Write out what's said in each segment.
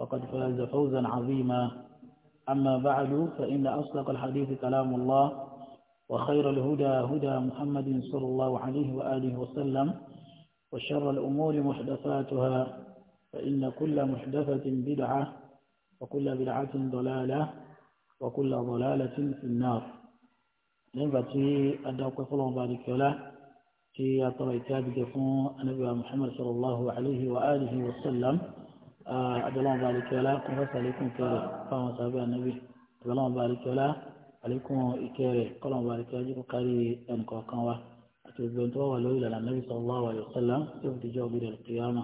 فقد فاز فوزا عظيما أما بعد فإن أصدق الحديث كلام الله وخير الهدى هدى محمد صلى الله عليه وآله وسلم وشر الأمور محدثاتها فإن كل محدثة بدعة وكل بدعة ضلالة وكل ضلالة في النار نبتي أدعوك فلان بارك الله في أطرى كتابك فون النبي محمد صلى الله عليه وآله وسلم abẹ́lọ́wọ́n bá alikẹ́lá kún fẹ́ sàlékún kẹrẹ fáwọn sábẹ́ ànábì abẹ́lọ́wọ́n bá alikẹ́lá àlékún ìkẹrẹ kọ́lọ́wọ́n bá alikẹ́lá jẹ́ kó kárí ẹnìkọ̀ọ̀kan wa àti ògbẹ́ tó wà lórí ìlànà ànábì sallallahu alaihi wasallam tí ó fi jẹ́ òbí rẹ̀ kìyàmà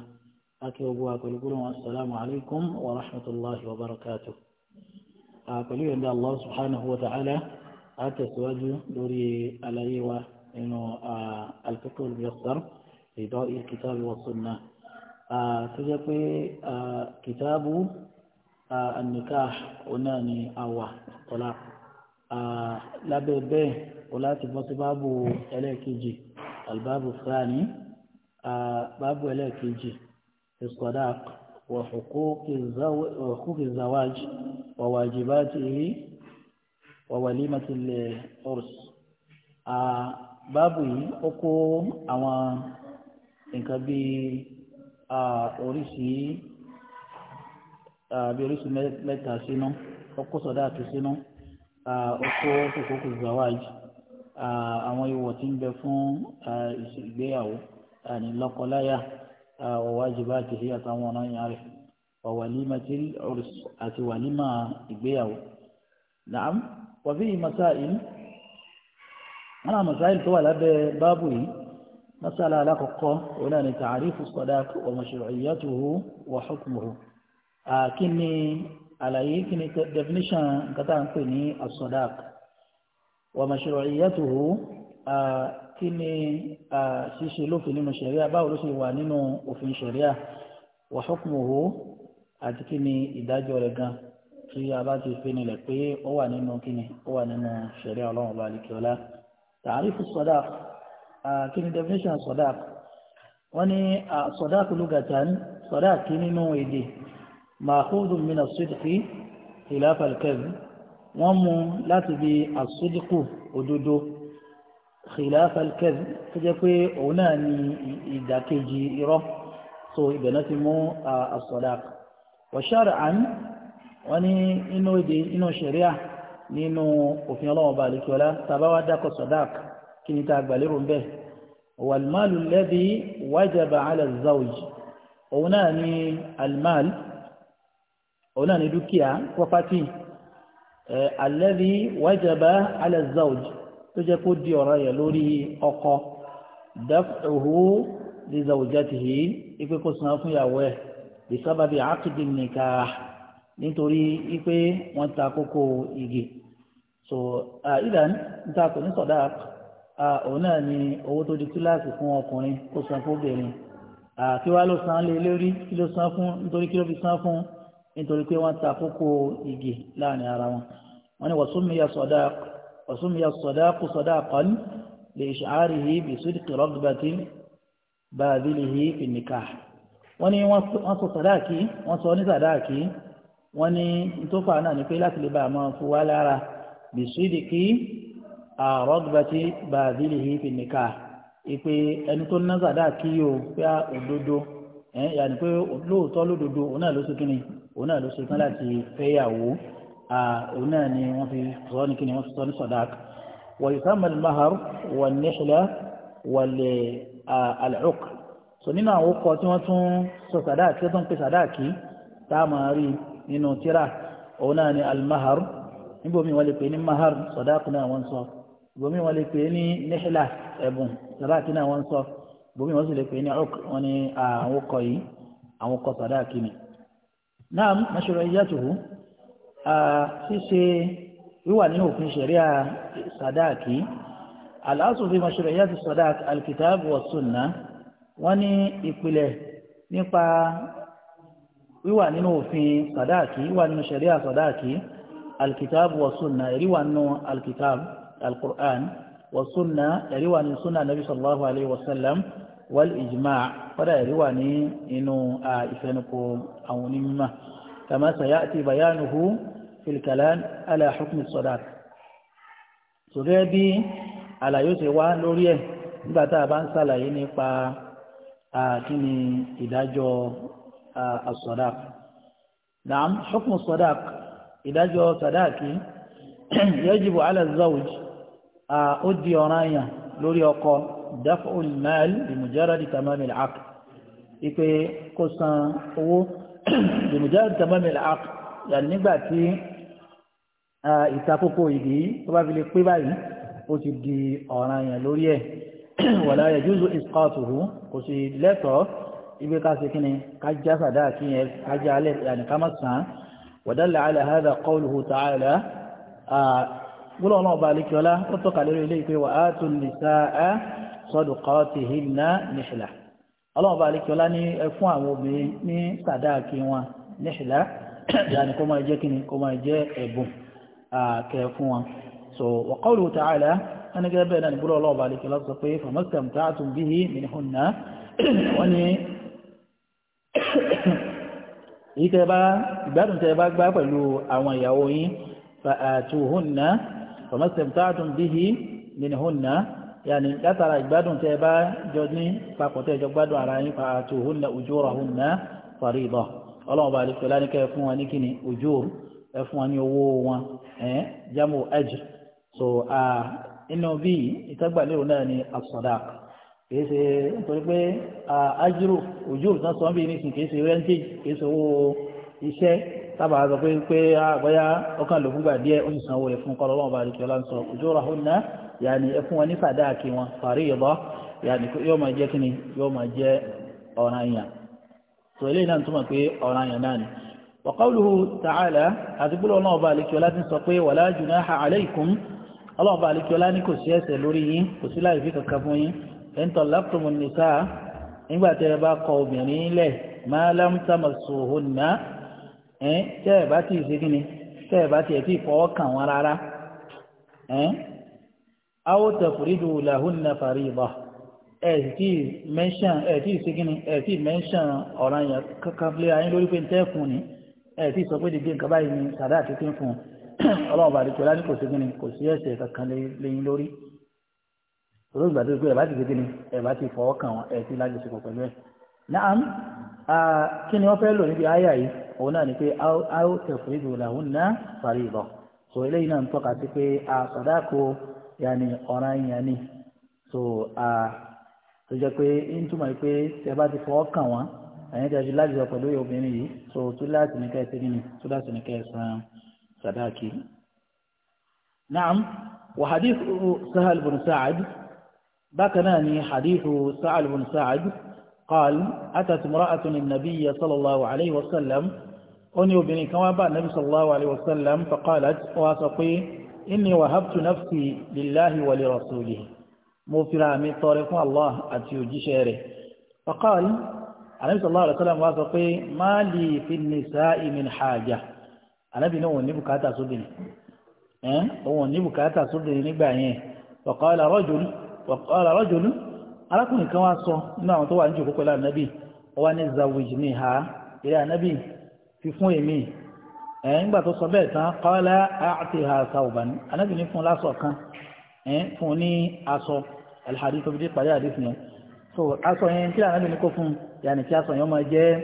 láti ogun àpẹlúgbọ́n wọn assalamu alaikum wa rahmatullahi wa barakatuh pẹ̀lú ìyọ̀ndà Allah subhanahu wa ta'ala a tẹ̀síwájú lórí àlàyé nínú al-fiqh al-muyassar wa sunnah tó jẹ́ pé kìtàbù an-nikah òun náà ni àwà ọ̀la lábẹ́ bẹ́ẹ̀ o láti bọ́ sí báàbù ẹlẹ́ẹ̀kejì albáàbù fúlàní báàbù ẹlẹ́ẹ̀kejì as-sadaq wa huquq az-zawaj wa wajibatihi wa walimati al-urs báàbù yìí ó kó àwọn nǹkan bíi oríṣi bí oríṣi mẹ́ta sínú ọkọ̀ sọ̀dá àti sínú ọkọ̀ kòkòkò zawaj àwọn ìwọ̀ tí ń bẹ fún ìgbéyàwó ní lọ́kọláya ọ̀wájibá tìhí àtàwọn ọ̀nà yàrá rẹ̀ ọ̀wàlímà tí ọ̀rùs àti wàlímà ìgbéyàwó. Nàám wàbí masáìl, wọn àwọn masáìl tó wà lábẹ́ báàbù yìí masala alákọ̀ọ́kọ́ òun náà ni tààrífù sadaq wa mashru'iyyatuhu wa hukmuhu kí ni àlàyé kí ni definition nǹkan tá à ń pè ní as-sadaq wa mashru'iyyatuhu kí ni ṣíṣe lófin nínú ṣẹ̀ríà báwo ló ṣe wà nínú òfin ṣẹ̀ríà wa hukmuhu àti kí ni ìdájọ́ rẹ̀ gan tí a bá ti fi nílẹ̀ pé ó wà nínú kí ni ó wà nínú ṣẹ̀ríà ọlọ́run ọba àlìkíọ́lá tààrífù sadaq kí ni definition sọ̀dáàkù wọ́n ní sọ̀dáàkù lugatan sọ̀dáàkì nínú èdè ma'khudun min as-sidqi khilafa al-kadhib wọ́n mú láti bí as-sidqu òdodo khilafa al-kadhib tó jẹ́ pé òun náà ni ìdàkejì irọ́ so ibẹ̀ náà ti mú as-sọ̀dáàkù wa shar'an wọ́n inú èdè inú ṣẹ̀ríà nínú òfin ọlọ́wọ́ bá àlekíọ́lá dákọ̀ sọ̀dáàkù kí ni tá a gbàlérò ń bẹ̀ wàlmáàlù lẹ́bi wájàbà alàzáwòjì òun náà ni almáàlù òun náà ni dúkìá pọ́pátì alẹ́bi wájàbà alàzáwòjì tó jẹ́ kó di ọ̀rọ̀ yẹ lórí ọkọ daf'uhu li zawjatihi ipe kó san fún ìyàwó ẹ̀ bi sababi aqdi nikah nítorí ipe wọ́n ta kókó igi so ìdá níta kò ní sọ̀dá òun náà ni owó tó di kíláàsì fún ọkùnrin kó san fún obìnrin kí wàá ló san lé lórí kí ló san fún nítorí kí ló fi san fún nítorí pé wọ́n ta kókó igi láàrin ara wọn wọ́n ní wàsúmìyà sọ̀dá wàsúmìyà sọ̀dá kó sọ̀dá kan lè ṣàárì yìí bí sídìkì rọ́gbàtì báàbílì yìí fi nìkà wọ́n ní wọ́n sọ sàdáàkì wọ́n sọ ní sàdáàkì wọ́n ní tó náà ni pé láti lè bá a máa lára bí sídìkì àrọ́gbàtí bàbílìhì fi nìka ìpè ẹni tó ná sàdáàkì o pé òdodo ẹ̀ yàní pé lóòótọ́ lódodo òun náà ló ṣe kíni òun náà ló ṣe tán láti fẹ́yàwó òun náà ni wọ́n fi sọ ní kíni wọ́n fi sọ ní sàdáàkì wọ́n yìí sáà mẹ́lẹ̀ mahar wọ́n ní lè àlẹ́ọ̀k so nínú àwọn ọkọ̀ tí wọ́n tún sọ sàdáàkì tó ń pè sàdáàkì tá a máa rí nínú tíra òun náà ni almahar níbo mi wọ́n lè pè ní mahar sàdáàkì náà wọ́n sọ bomi wọn lè pè é ní nihila ẹ̀bùn sàdáàkì náà wọ́n ń sọ bomi wọn sì lè pè é ní ọk wọn ni àwọn kọ yìí àwọn kọ sàdáàkì ni. náà mọ̀ṣọ́rọ̀ ẹ̀yà tòun ṣíṣe wíwà nínú òfin ṣẹ̀ríà sàdáàkì aláṣọ fi mọ̀ṣọ́rọ̀ ẹ̀yà ti sàdáàkì alkitabu wa sunna wọ́n ní ìpìlẹ̀ nípa wíwà nínú òfin sàdáàkì wíwà nínú ṣẹ̀ríà sàdáàkì alkitabu wa sunna ẹ̀rí wà nínú alkitabu القرآن والسنة يرواني سنة النبي صلى الله عليه وسلم والإجماع فلا يرواني إنه إفنكم أو نمة كما سيأتي بيانه في الكلام على حكم الصلاة سجابي على يوسف لوريه nígbà أبان a bá كني إداجو nípa نعم، حكم as-sadaq naam hukmu as-sadaq ìdájọ́ ó di ọ̀ranyàn lórí ọkọ daf'ul mal bimujaradi tamamil aqd ipe kó san owó bimujaradi tamamil aqd yàrá nígbà tí ìtakókò ìdí tó bá fi lè pé báyìí ó ti di ọ̀ranyàn lórí ẹ̀ wala yajuzu isqatuhu kò sì lẹ́tọ̀ọ́ ibi ká ṣe kíni ká já sàdáà kí yẹn ká já alẹ́ yàrá ká má sàn án wadalla ala hadha qawluhu gbọ́dọ̀ náà bá alẹ́kẹ́ ọlá ó tọ́ka lórí ilé ìpè wà á tún lè sa á sadaqatihinna nihla ọlọ́run bá alẹ́kẹ́ ọlá ní fún àwọn obìnrin ní sàdáàkì wọn nihla yàní kó máa jẹ́ kíni kó máa jẹ́ ẹ̀bùn kẹ fún wọn. so wa qawluhu ta'ala ẹni gẹ́gẹ́ bẹ́ẹ̀ náà ní gbọ́dọ̀ ọlọ́run bá alẹ́kẹ́ ọlá sọ pé famastamta'tum bihi minhunna wọ́n ní èyí فما استمتعتم به منهن يعني كثر إجباد تيبا جدني فقط إجباد على فآتوهن أجورهن فريضة الله بارك لك يفون ونكني أجور يفون ونيوو جمع أجر so inú bí ìtẹ́gbàlérò náà ni asọ̀dák kìí ṣe nítorí pé ajuru ujuru tán sọ bí nísìnyí kìí ṣe rẹ́ńtì kìí ṣe owó iṣẹ́ sábà sọ pé pé bóyá ọkàn ló fúngbà díẹ̀ ó sì sanwó rẹ̀ fún kọ́ lọ́wọ́ bá rí kíọ́lá ń sọ òjò rà hùn náà yàní ẹ fún wọn ní fàdáàkì wọn fàrí ìbọ́ yàní yóò máa jẹ́ kíni yóò máa jẹ́ ọ̀ràn àyàn tó eléyìí náà túmọ̀ pé ọ̀ràn àyàn náà ni. wa qawluhu ta'ala àdúgbò lọ́wọ́ bá rí kíọ́lá ti sọ pé wala junaha alaykum ọlọ́wọ́ bá rí kíọ́lá ẹ̀ tẹ́ ẹ̀ bá ti ṣe kí ni tẹ́ ẹ̀ bá ti ẹ̀ ti fọwọ́ kàn wọ́n rárá ẹ̀ awo tafuridu lahunna fariida ẹ̀ ti mẹ́ṣàn ẹ̀ ti ṣe kí ni ẹ̀ ti mẹ́ṣàn ọ̀ràn yẹn kankan fúlẹ̀ ayé lórí pé ń tẹ́ fún ni ẹ̀ ti sọ pé dìde nǹkan báyìí ni sàdá àti tí ń fún ọlọ́run bá dìkọ̀ láti kò sí kí ni kò sí ẹ̀ṣẹ̀ kankan lẹ́yìn lórí olóògbé gbàdúrà pé ẹ̀ bá ti ṣe kí ni ẹ̀ bá ti fọwọ́ kàn wọ́n ẹ̀ ti lájọṣepọ̀ pẹ̀lú ẹ̀ náà kí ni wọ́n fẹ́ lò níbi àyà yìí òun náà ni pé a ó tẹ̀fúrídù làwọn náà parí lọ so eléyìí náà ń tọ́ka sí pé a sàdáàkò yanni ọ̀ràn yẹn so a tó jẹ́ pé ń túmọ̀ pé tẹ bá ti fọwọ́ kàn wọ́n àyẹn tí láti lọ pẹ̀lú obìnrin yìí so tó láti ní kẹ́ẹ̀sì nínú tó láti ní kẹ́ẹ̀sán sàdáàkì. naam wa hadithu sahal bin sa'ad bákan náà ni hadithu sahal bin sa'ad. قال أتت مرأة النبي صلى الله عليه وسلم أني بني كما بعد النبي صلى الله عليه وسلم فقالت واسقي إني وهبت نفسي لله ولرسوله مغفرة من الله أتيوجي شعره فقال النبي صلى الله عليه وسلم واسقي ما لي في النساء من حاجة النبي نو نبكاتا سبني أه؟ هو نبكاتا سبني نبعين فقال رجل وقال رجل arákùnrin kan wá sọ nínú àwọn tó wà níjòkó pẹ̀lú ànábì ọwá ní zawijni ha eré ànábì fi fún èmi ẹ̀ nígbà tó sọ bẹ́ẹ̀ tán qala a'tiha thawban ànábì ní fún lásọ kan ẹ̀ fún ní aṣọ alhadi tó fi dé parí àdéhùn yẹn so aṣọ yẹn kí ànábì ní kó fún yàní kí aṣọ yẹn máa jẹ́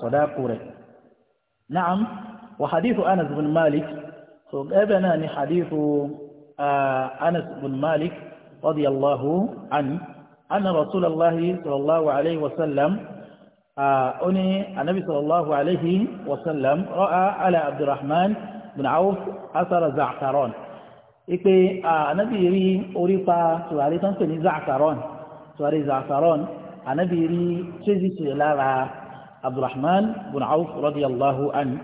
sọ̀dáàkù rẹ̀ na'am wa hadithu anas bin malik so gẹ́gẹ́ náà ni hadithu anas bin malik radiyallahu anhu anna rasulallahi sallallahu alayhi wa sallam ó ní anabi sallallahu alayhi wa sallam ra'a ala abdulrahman bin awf asara zaakaron ipe anabi rí orí pa tùwárí tó ń pè ní zaakaron tùwárí zaakaron anabi rí tíyẹ́sì lára abdulrahman bin awf radiyallahu anhu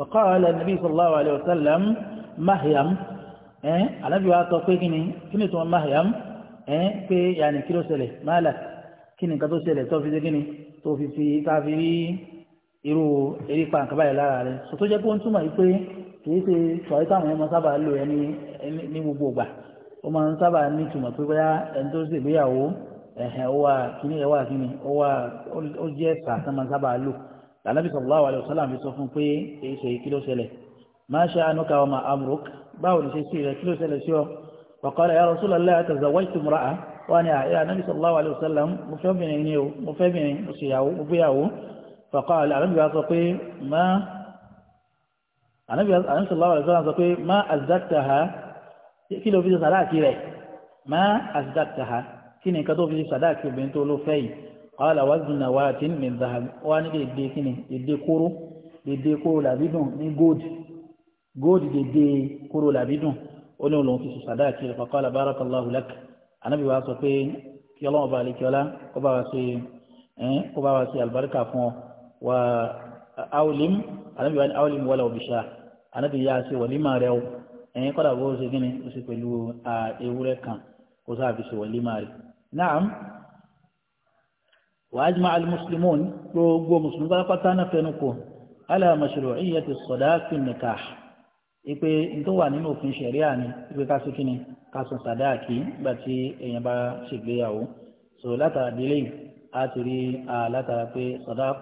فقال النبي صلى الله عليه وسلم مهيم eh anabi wa sọ pé kíni kíni tó máa yàm ẹ̀ pé yàní kí ló ṣẹlẹ̀ máàlà kí ni nǹkan tó ṣẹlẹ̀ tó fi ṣe kí ni tó fi fi ká fi rí irú eré pa nǹkan báyìí lára rẹ̀ sọ tó jẹ́ pé ó ń túmọ̀ yìí pé kìí ṣe sọ̀rọ̀ táwọn yẹn máa sábà lò ẹ́ ní gbogbo ìgbà ó máa ń sábà ní ìtumọ̀ pé bóyá ẹni tó ṣe ìgbéyàwó ẹ̀hẹ̀n ó wà kíní ẹ̀ wà kíní ó wà ó jẹ́ sàtán máa sábà lò lànàbí sallallahu alaihi فقال يا رسول الله تزوجت امرأة وأنا يا نبي صلى الله عليه وسلم مفهمني مفهمني مسياو مبياو فقال النبي صلى ما أنا النبي صلى الله عليه وسلم ما أزدكتها كيلو في صلاة لي ما أزدكتها كني كدو في صلاة بنتو لفي قال وزن نواة من ذهب وأنا يدي كني يدي كورو يدي كورو لابدون ني جود جود يدي كورو لابدون ó ní òun fi sàdá àti ìfọ̀kọ́lá barakallahu lak anábì wa sọ pé kí ọlọ́wọ́n bá àlejò ọlá kó bá wa ṣe ẹ̀ẹ́n kó bá wa ṣe àlùbáríkà fún ọ wà áwòlìm anábì wa ní áwòlìm wọlé òbíṣà anábì yá ṣe wàlímà rẹ o ẹ̀ẹ́n kọ́dà bó ṣe gíní ó ṣe pẹ̀lú ewúrẹ́ kan kó sáà fi ṣe wàlímà rẹ. naam wa ajma al-muslimun gbogbo mùsùlùmí pátápátá náà fẹnu kò ala mashru'iyyati as ipe tó wà nínú òfin ṣẹ̀ríà ni ipe ká sókè ni ká sùn sàdáàkì nígbà tí èèyàn bá ṣègbéyàwó so látara délé a ti rí a látara pé sadaq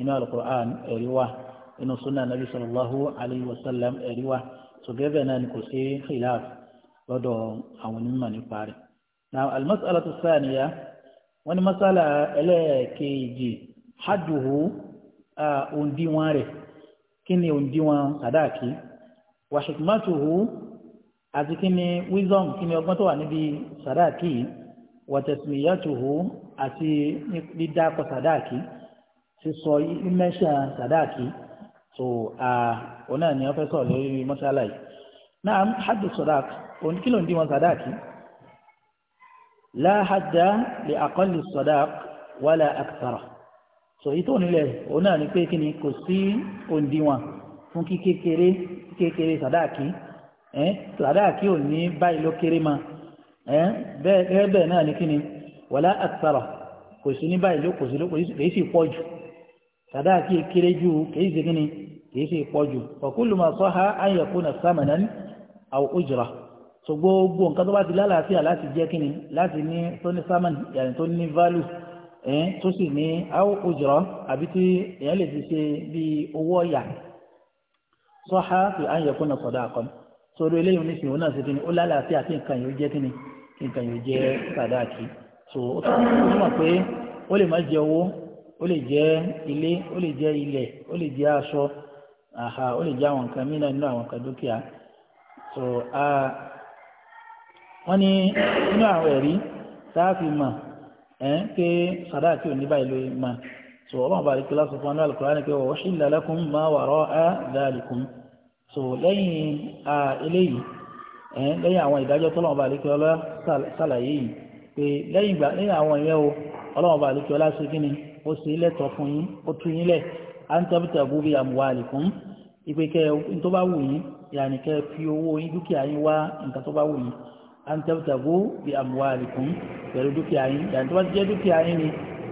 inú alukur'an ẹ̀rí wà inú sunna nabi sallallahu alayhi wa sallam ẹ̀rí wà so gẹ́gẹ́ náà ni kò sí khilaf lọ́dọ̀ àwọn onímọ̀ nípa rẹ̀ na almasalatu saniya wọ́n ní masala ẹlẹ́ẹ̀kejì hajjuhu òǹdíwọ̀n rẹ̀ kí ni òǹdíwọ̀n sàdáàkì wa hikmatuhu àti kí ni wisdom kí ni ọgbọ́n tó wà níbi sàdáàkì wa tasmiyatuhu àti dídákọ sàdáàkì sísọ mẹ́ṣà sàdáàkì so òun náà ni wọ́n fẹ́ sọ̀rọ̀ lórí mọ́ṣálá yìí náà hadu sadaq òun kí ló ń di wọn sàdáàkì la hadda li aqalli sadaq wala akthara so ìtò nílẹ̀ òun náà ni pé kí ni kò sí òǹdíwọ̀n fún kí kékeré kékeré sàdáàkì ẹ́ sàdáàkì ò ní báyìí ló kéré ma ẹ́ bẹ́ẹ̀ bẹ́ẹ̀ náà ní kíni wàlá àtàrà kò sí ní báyìí ló kò sí ló kò sí pọ̀ jù sàdáàkì kéré jù kìí sí kíni kìí sí pọ̀ jù ọ̀kúlù máa sọ ha ayẹ̀kú na sàmànà àwọn òjìrà so gbogbo nǹkan tó bá ti lálàáfíà láti jẹ́ kíni láti ní tó ní sàmàn yàrá tó ní value ẹ̀ tó sì ní àwọn òjìrà àbí tí èèyàn lè fi ṣe bíi owó ọ̀yà sọ́há fi àyè fún náà sọ̀dá àkọ́ni sọ̀rọ̀ eléyìí ní ìsìnkú náà ṣe kíni ó lálàáfíà kí nǹkan yóò jẹ́ kíni nǹkan yóò jẹ́ sàdáàkì so ó tún mọ̀ pé ó lè má jẹ owó ó lè jẹ ilé ó lè jẹ ilẹ̀ ó lè jẹ aṣọ àhà ó lè jẹ àwọn nǹkan mìíràn nínú àwọn nǹkan dúkìá so wọ́n ní nínú àwọn ẹ̀rí tá a fi mọ̀ ẹ́ pé sàdáàkì ò ní báyìí ló máa so ọlọ́run bá rí kílá sọ fún anáà Al-Qur'ani pé wa uhilla lakum ma wara'a dhalikum so lẹ́yìn eléyìí lẹ́yìn àwọn ìdájọ́ tọ́lọ́run bá rí kílá ọlá sàlàyé yìí pé lẹ́yìn ìgbà lẹ́yìn àwọn ìyẹn o ọlọ́run bá rí kílá ọlá ṣe kí ni ó lẹ́tọ̀ fún yín ó tú yín lẹ̀ à ń tẹ́bùtà bóbi amwalikum ìpè kẹ́ tó bá wù yín yàní kẹ́ fi owó yín dúkìá yín wá nǹkan tó bá wù yín à ń tẹ́bùtà bóbi amwalikum pẹ̀lú dúkìá yín yàní tó bá ti jẹ́ dúkìá yín ni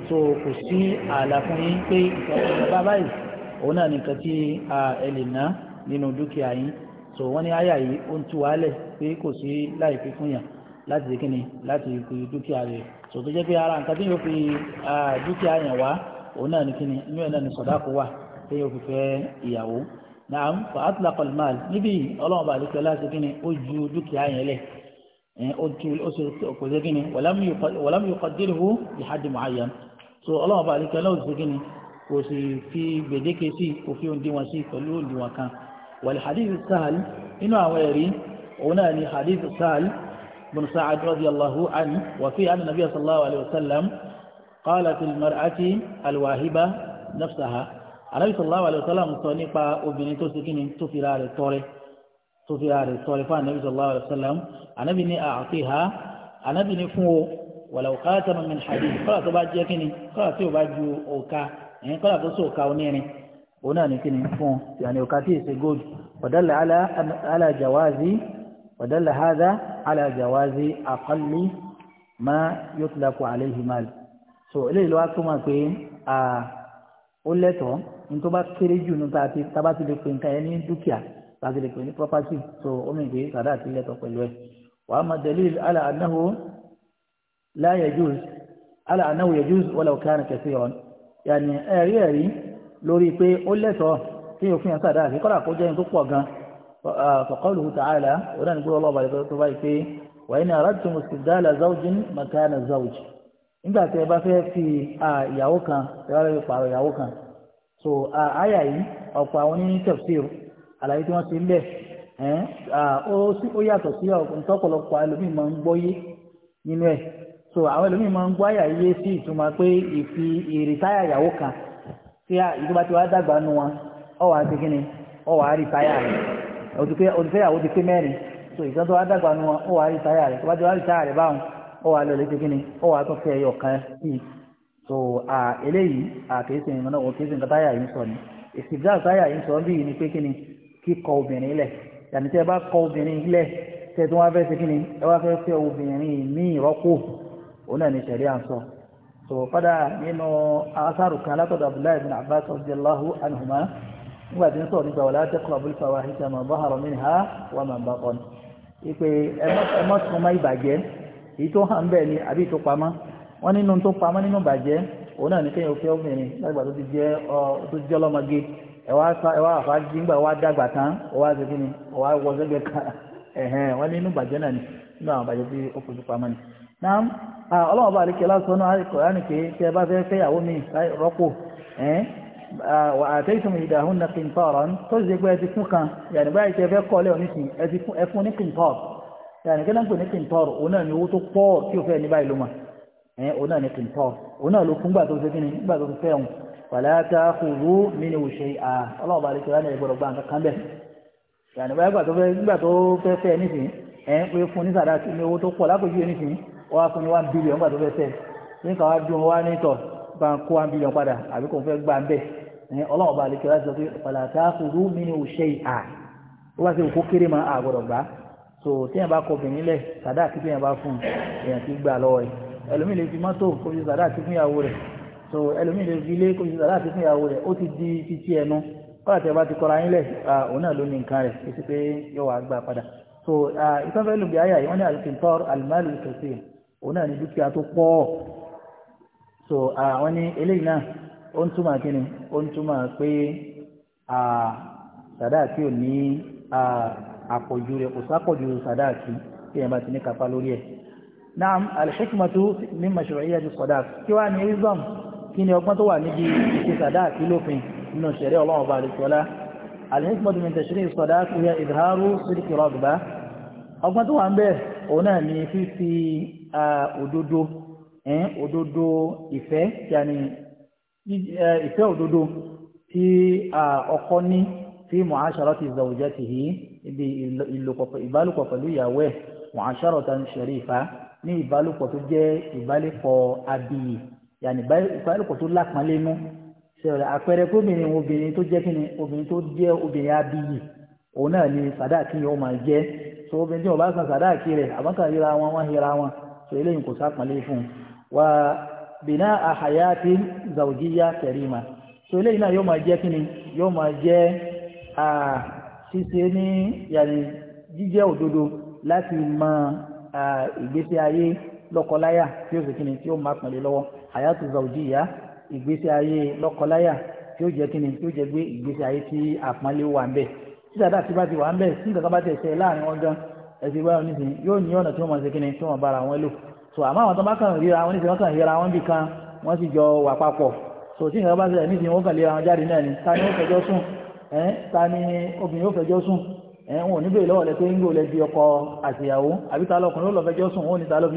so kò sí ààlà fún yín pé ìfọwọ́sọ bá báyìí òun náà nìkan tí ẹ lè ná nínú dúkìá yín so wọ́n ní àyà yìí ó ń tú wálẹ̀ pé kò sí láì fi fún yàn láti ṣe kíni láti fi dúkìá rẹ̀ so tó jẹ́ pé ara nǹkan tí yóò fi dúkìá yàn wá òun náà ní kíni inú ẹ̀ náà ní sọ̀dáàkú wà tí yóò fi fẹ́ ìyàwó naam fa atlaqal mal níbi ọlọ́run bá dúkìá láti kíni ó ju dúkìá yẹn lẹ̀ ó ju ó ṣe kò ṣe kíni walam yuqaddirhu bi hadd mu'ayyan so ọlọ́run bá àlekẹ́ lọ́wọ́ sí kíni kò sì fi gbèdéke sí kò fi òǹdí wọn sí pẹ̀lú òǹdí wọn kan wàlí hadith sahal inú àwọn ẹ̀rí òun náà ni hadith sahal bin sa'ad radiyallahu anhu wa fi anna nabiyya sallallahu alayhi wa sallam qalat al-mar'ati al-wahiba nafsaha anabi sallallahu alayhi wa sallam sọ nípa obìnrin tó sí kíni tó fi ra tọrẹ tó fi ra tọrẹ fún anabi sallallahu alayhi wa sallam anabi wàlàwò káàtà min hadid kọ́lá tó bá jẹ́ kínní kọ́lá tí ò bá ju òka ẹ̀yìn kọ́lá tó sọ òka onírin òun náà ní kínní fún yàní òka tí èsè gold ọ̀dàlà alájàwáàzí ọ̀dàlà hádà alájàwáàzí àkọ́lù má yóò tilà kó àlejò máa so eléyìí ló wá tó máa pé ó lẹ́tọ̀ọ́ nítorí bá kéré jù nípa àti tábà ti lè pè nǹkan ẹ̀ ní dúkìá tàbí lè pè ní property so ó mìíràn pé sàdá àti lẹ́tọ̀ọ́ pẹ̀lú ẹ̀ لا يجوز على أنه يجوز ولو كان كثيرا يعني أري أري لوري بي أولته في وفي أنسى ذلك قرأ قجين تقوى فقوله تعالى ولن يقول الله بيبي وإن أردتم استبدال زوج مكان الزوج nígbà tí ẹ في fẹ́ fi ìyàwó kan ẹ so àyà yìí ọ̀pọ̀ àwọn oní tafsir àlàyé tí wọ́n أو ń bẹ̀ ó yàtọ̀ sí ọ̀pọ̀lọpọ̀ ẹlòmíì máa ń so àwọn ẹlòmíì máa ń gbọ́ àyà yé sí ìtumọ̀ pé ìfi ìrìtáyà ìyàwó kan tí ìjọba ti wá dàgbà nu wọn ọ wà á ti kíni ọ wà á rìtáyà rẹ òtútù ìyàwó ti pé mẹ́rin so ìjọba tó wá dàgbà nu wọn ọ wà á rìtáyà rẹ tó bá ti wá rìtáyà rẹ báwọn ọ wà á lọ lè ti kíni ọ wà á tó fẹ́ ẹyọ I yìí so eléyìí àkèésì ìmọ̀nà òkèésì nǹkan táyà yìí sọ ni ìsìgbà táyà yìí sọ bí ni pé kíni kíkọ obìnrin lẹ̀ yàtí tẹ́ bá kọ obìnrin lẹ̀ tẹ́ tí wọ́n fẹ́ ṣe kíni ẹ wá fẹ́ fẹ́ obìnrin míì rọ́pò òun náà ní so ń sọ tó padà nínú asáàrù kan látọ̀dọ̀ abdullahi bin abbas radiyallahu anhuma nígbà tí ń sọ̀rọ̀ nípa wala taqrabul fawahisha ma zahara minha wa ma baqan ipe ẹ má súnmọ́ ìbàjẹ́ èyí tó hàn bẹ́ẹ̀ ni àbí tó pamọ́ wọ́n nínú tó pamọ́ nínú ìbàjẹ́ òun náà ní kéèyàn fẹ́ obìnrin lágbà tó ti jẹ́ ọ tó ti jẹ́ ọlọ́mọge ẹ wá àfáàjì ńgbà wá dàgbà tán ọ wá ṣe kí ni ọ wá wọ sẹ́gbẹ̀ẹ́ kan ẹ̀hẹ́n wọ́n ní inú bàjẹ́ náà ni inú àwọn bàjẹ́ tí ó fojú pamọ́ ni. Na ọlọ́wọ́n bá àríkẹ́ lásán náà àríkọ̀ rání pé tẹ́ bá fẹ́ fẹ́yàwó mi rọ́pò wà á tẹ́ ìtumọ̀ ìdá ọ̀hún náà kìntọ́ọ̀rọ̀ tó ṣe pé ẹ ti fún kan yàrá báyìí tẹ́ fẹ́ kọ́ lẹ́ oníṣìn ẹ fún ẹ fún yàrá báyìí gbà tó fẹ́ gbà tó fẹ́ fẹ́ nísìnyí ẹ̀ ń pé fún ní sàdá sí ní owó tó pọ̀ lápèjúwe nísìnyí wọ́n á fún ní one billion gbà tó fẹ́ fẹ́ nígbà wá dùn wá ní tọ̀ bá ń kó one billion padà àbí kò fẹ́ gbà ń bẹ̀ ẹ̀ ọlọ́run bá àlekèrè láti sọ pé pàlàtà àkùrú mi ni òṣè à ó bá ṣe òkú kéré máa àgọ̀dọ̀ gbà so téèyàn bá kọ obìnrin lẹ̀ sàdá àti téèyàn bá fún èèyàn ti gbà lọ́wọ́ ẹ̀ ẹlòmíì lè fi mọ́tò kó fi sàdá àti fún ìyàwó rẹ̀ so ẹlòmíì lè fi ilé kó fi sàdá àti fún ìyàwó rẹ̀ ó ti di titi ẹnu kọ́lá tí a bá ti kọ́ra yín lẹ̀ òun náà ló ní nǹkan rẹ̀ títí pé yóò wá gbà padà so ìfẹ́fẹ́ lùgbé ayé àyè wọ́n ní al-qintar al-mal al-kaseer òun náà ní dúkìá tó pọ̀ so àwọn ní eléyìí náà ó ń túmọ̀ kí ni ó ń túmọ̀ pé sàdáàkì ò ní àpọ̀jù rẹ̀ kò sápọ̀jù sàdáàkì tí èèyàn bá ti ní kápá lórí ẹ̀ naam al-hikmatu min mashru'iyyati sadaq kí wàá ní rizom kí ni ọgbọ́n tó wà níbi ìṣe sàdáàkì lófin nínú ṣẹ̀rí ọlọ́run ọba àlejòọ́lá alhikmatu min tashri' as-salat hiya idharu sidqi raghba ọgbọ́n tó wà ń bẹ òun náà ní fífi òdodo òdodo ìfẹ́ yàní ìfẹ́ òdodo tí ọkọ ní fi mu'asharati zawjatihi ibi ìbálòpọ̀ pẹ̀lú ìyàwó ẹ̀ mu'asharatan sharifa ní ìbálòpọ̀ tó jẹ́ ìbálòpọ̀ abiyì yàní ìbálòpọ̀ tó lápọ̀nlé nú ṣẹlẹ̀ àpẹẹrẹ kóbìnrin obìnrin tó jẹ́ kíni obìnrin tó jẹ́ obìnrin abiyì òun náà ni sàdáàkì yẹn ó máa jẹ́ tó obìnrin tí wọ́n bá san sàdáàkì rẹ̀ àwọn kan hira wọn wọ́n hira wọn tó eléyìí kò sápọ̀nlé fún un wà bìnà àhàyàtì zawjiyya karima tó eléyìí náà yóò máa jẹ́ kíni yóò máa jẹ́ ṣíṣe ní yàrá jíjẹ́ òdodo láti mọ ìgbésí ayé lọ́kọláya tí ó sì kíni tí ó máa pọ̀nlé lọ́wọ́ àyàtì zawjiyya ìgbésí ayé lọ́kọláya tí ó jẹ́ kíni tí ó jẹ́ gbé ìgbésí ayé tí àpọ́nlé wà ń bẹ̀ tí dàda ti bá ti wà ń bẹ̀ tí nǹkan bá ti ṣe láàrin wọn gan ẹ̀sìn báyọ̀ nísìnyí yóò ní ọ̀nà tí wọ́n máa ṣe kíni tí wọ́n bára wọn lò so àmọ́ àwọn tó bá kàn ríra wọn nísìnyí wọ́n kàn ríra wọn bì kan wọ́n sì jọ wà papọ̀ so tí nǹkan bá ṣẹlẹ̀ nísìnyí wọ́n kàn lé àwọn jáde náà ni ta ni ó fẹjọ́ sùn ẹ̀ ta ni obìnrin ó fẹjọ́ sùn ẹ̀ wọn ò ní bèèrè lọ́wọ́ lẹ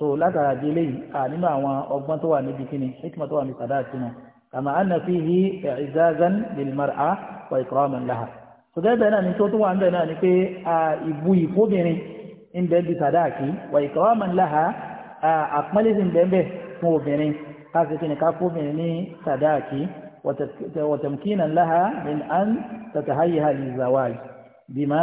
so látara di eléyìí à nínú àwọn ọgbọ́n tó wà níbi kíni hikma tó wà ní sàdá àti mọ kàmá anna fihi i'zazan lil mar'a wa ikraman laha so gẹ́gẹ́ bẹ́ẹ̀ náà ni tó tó wà ń bẹ̀ náà ni pé a ìbu ìfóbìnrin ń bẹ́ẹ̀ di sàdá àti wa ikraman laha a àpọ́nlẹ́sì ń bẹ́ẹ̀ bẹ́ẹ̀ fún obìnrin ká kí ni ká fóbìnrin ní sàdá sàdáàkì wàtàmkínà láha min an tàtàháyà lè zawaj bima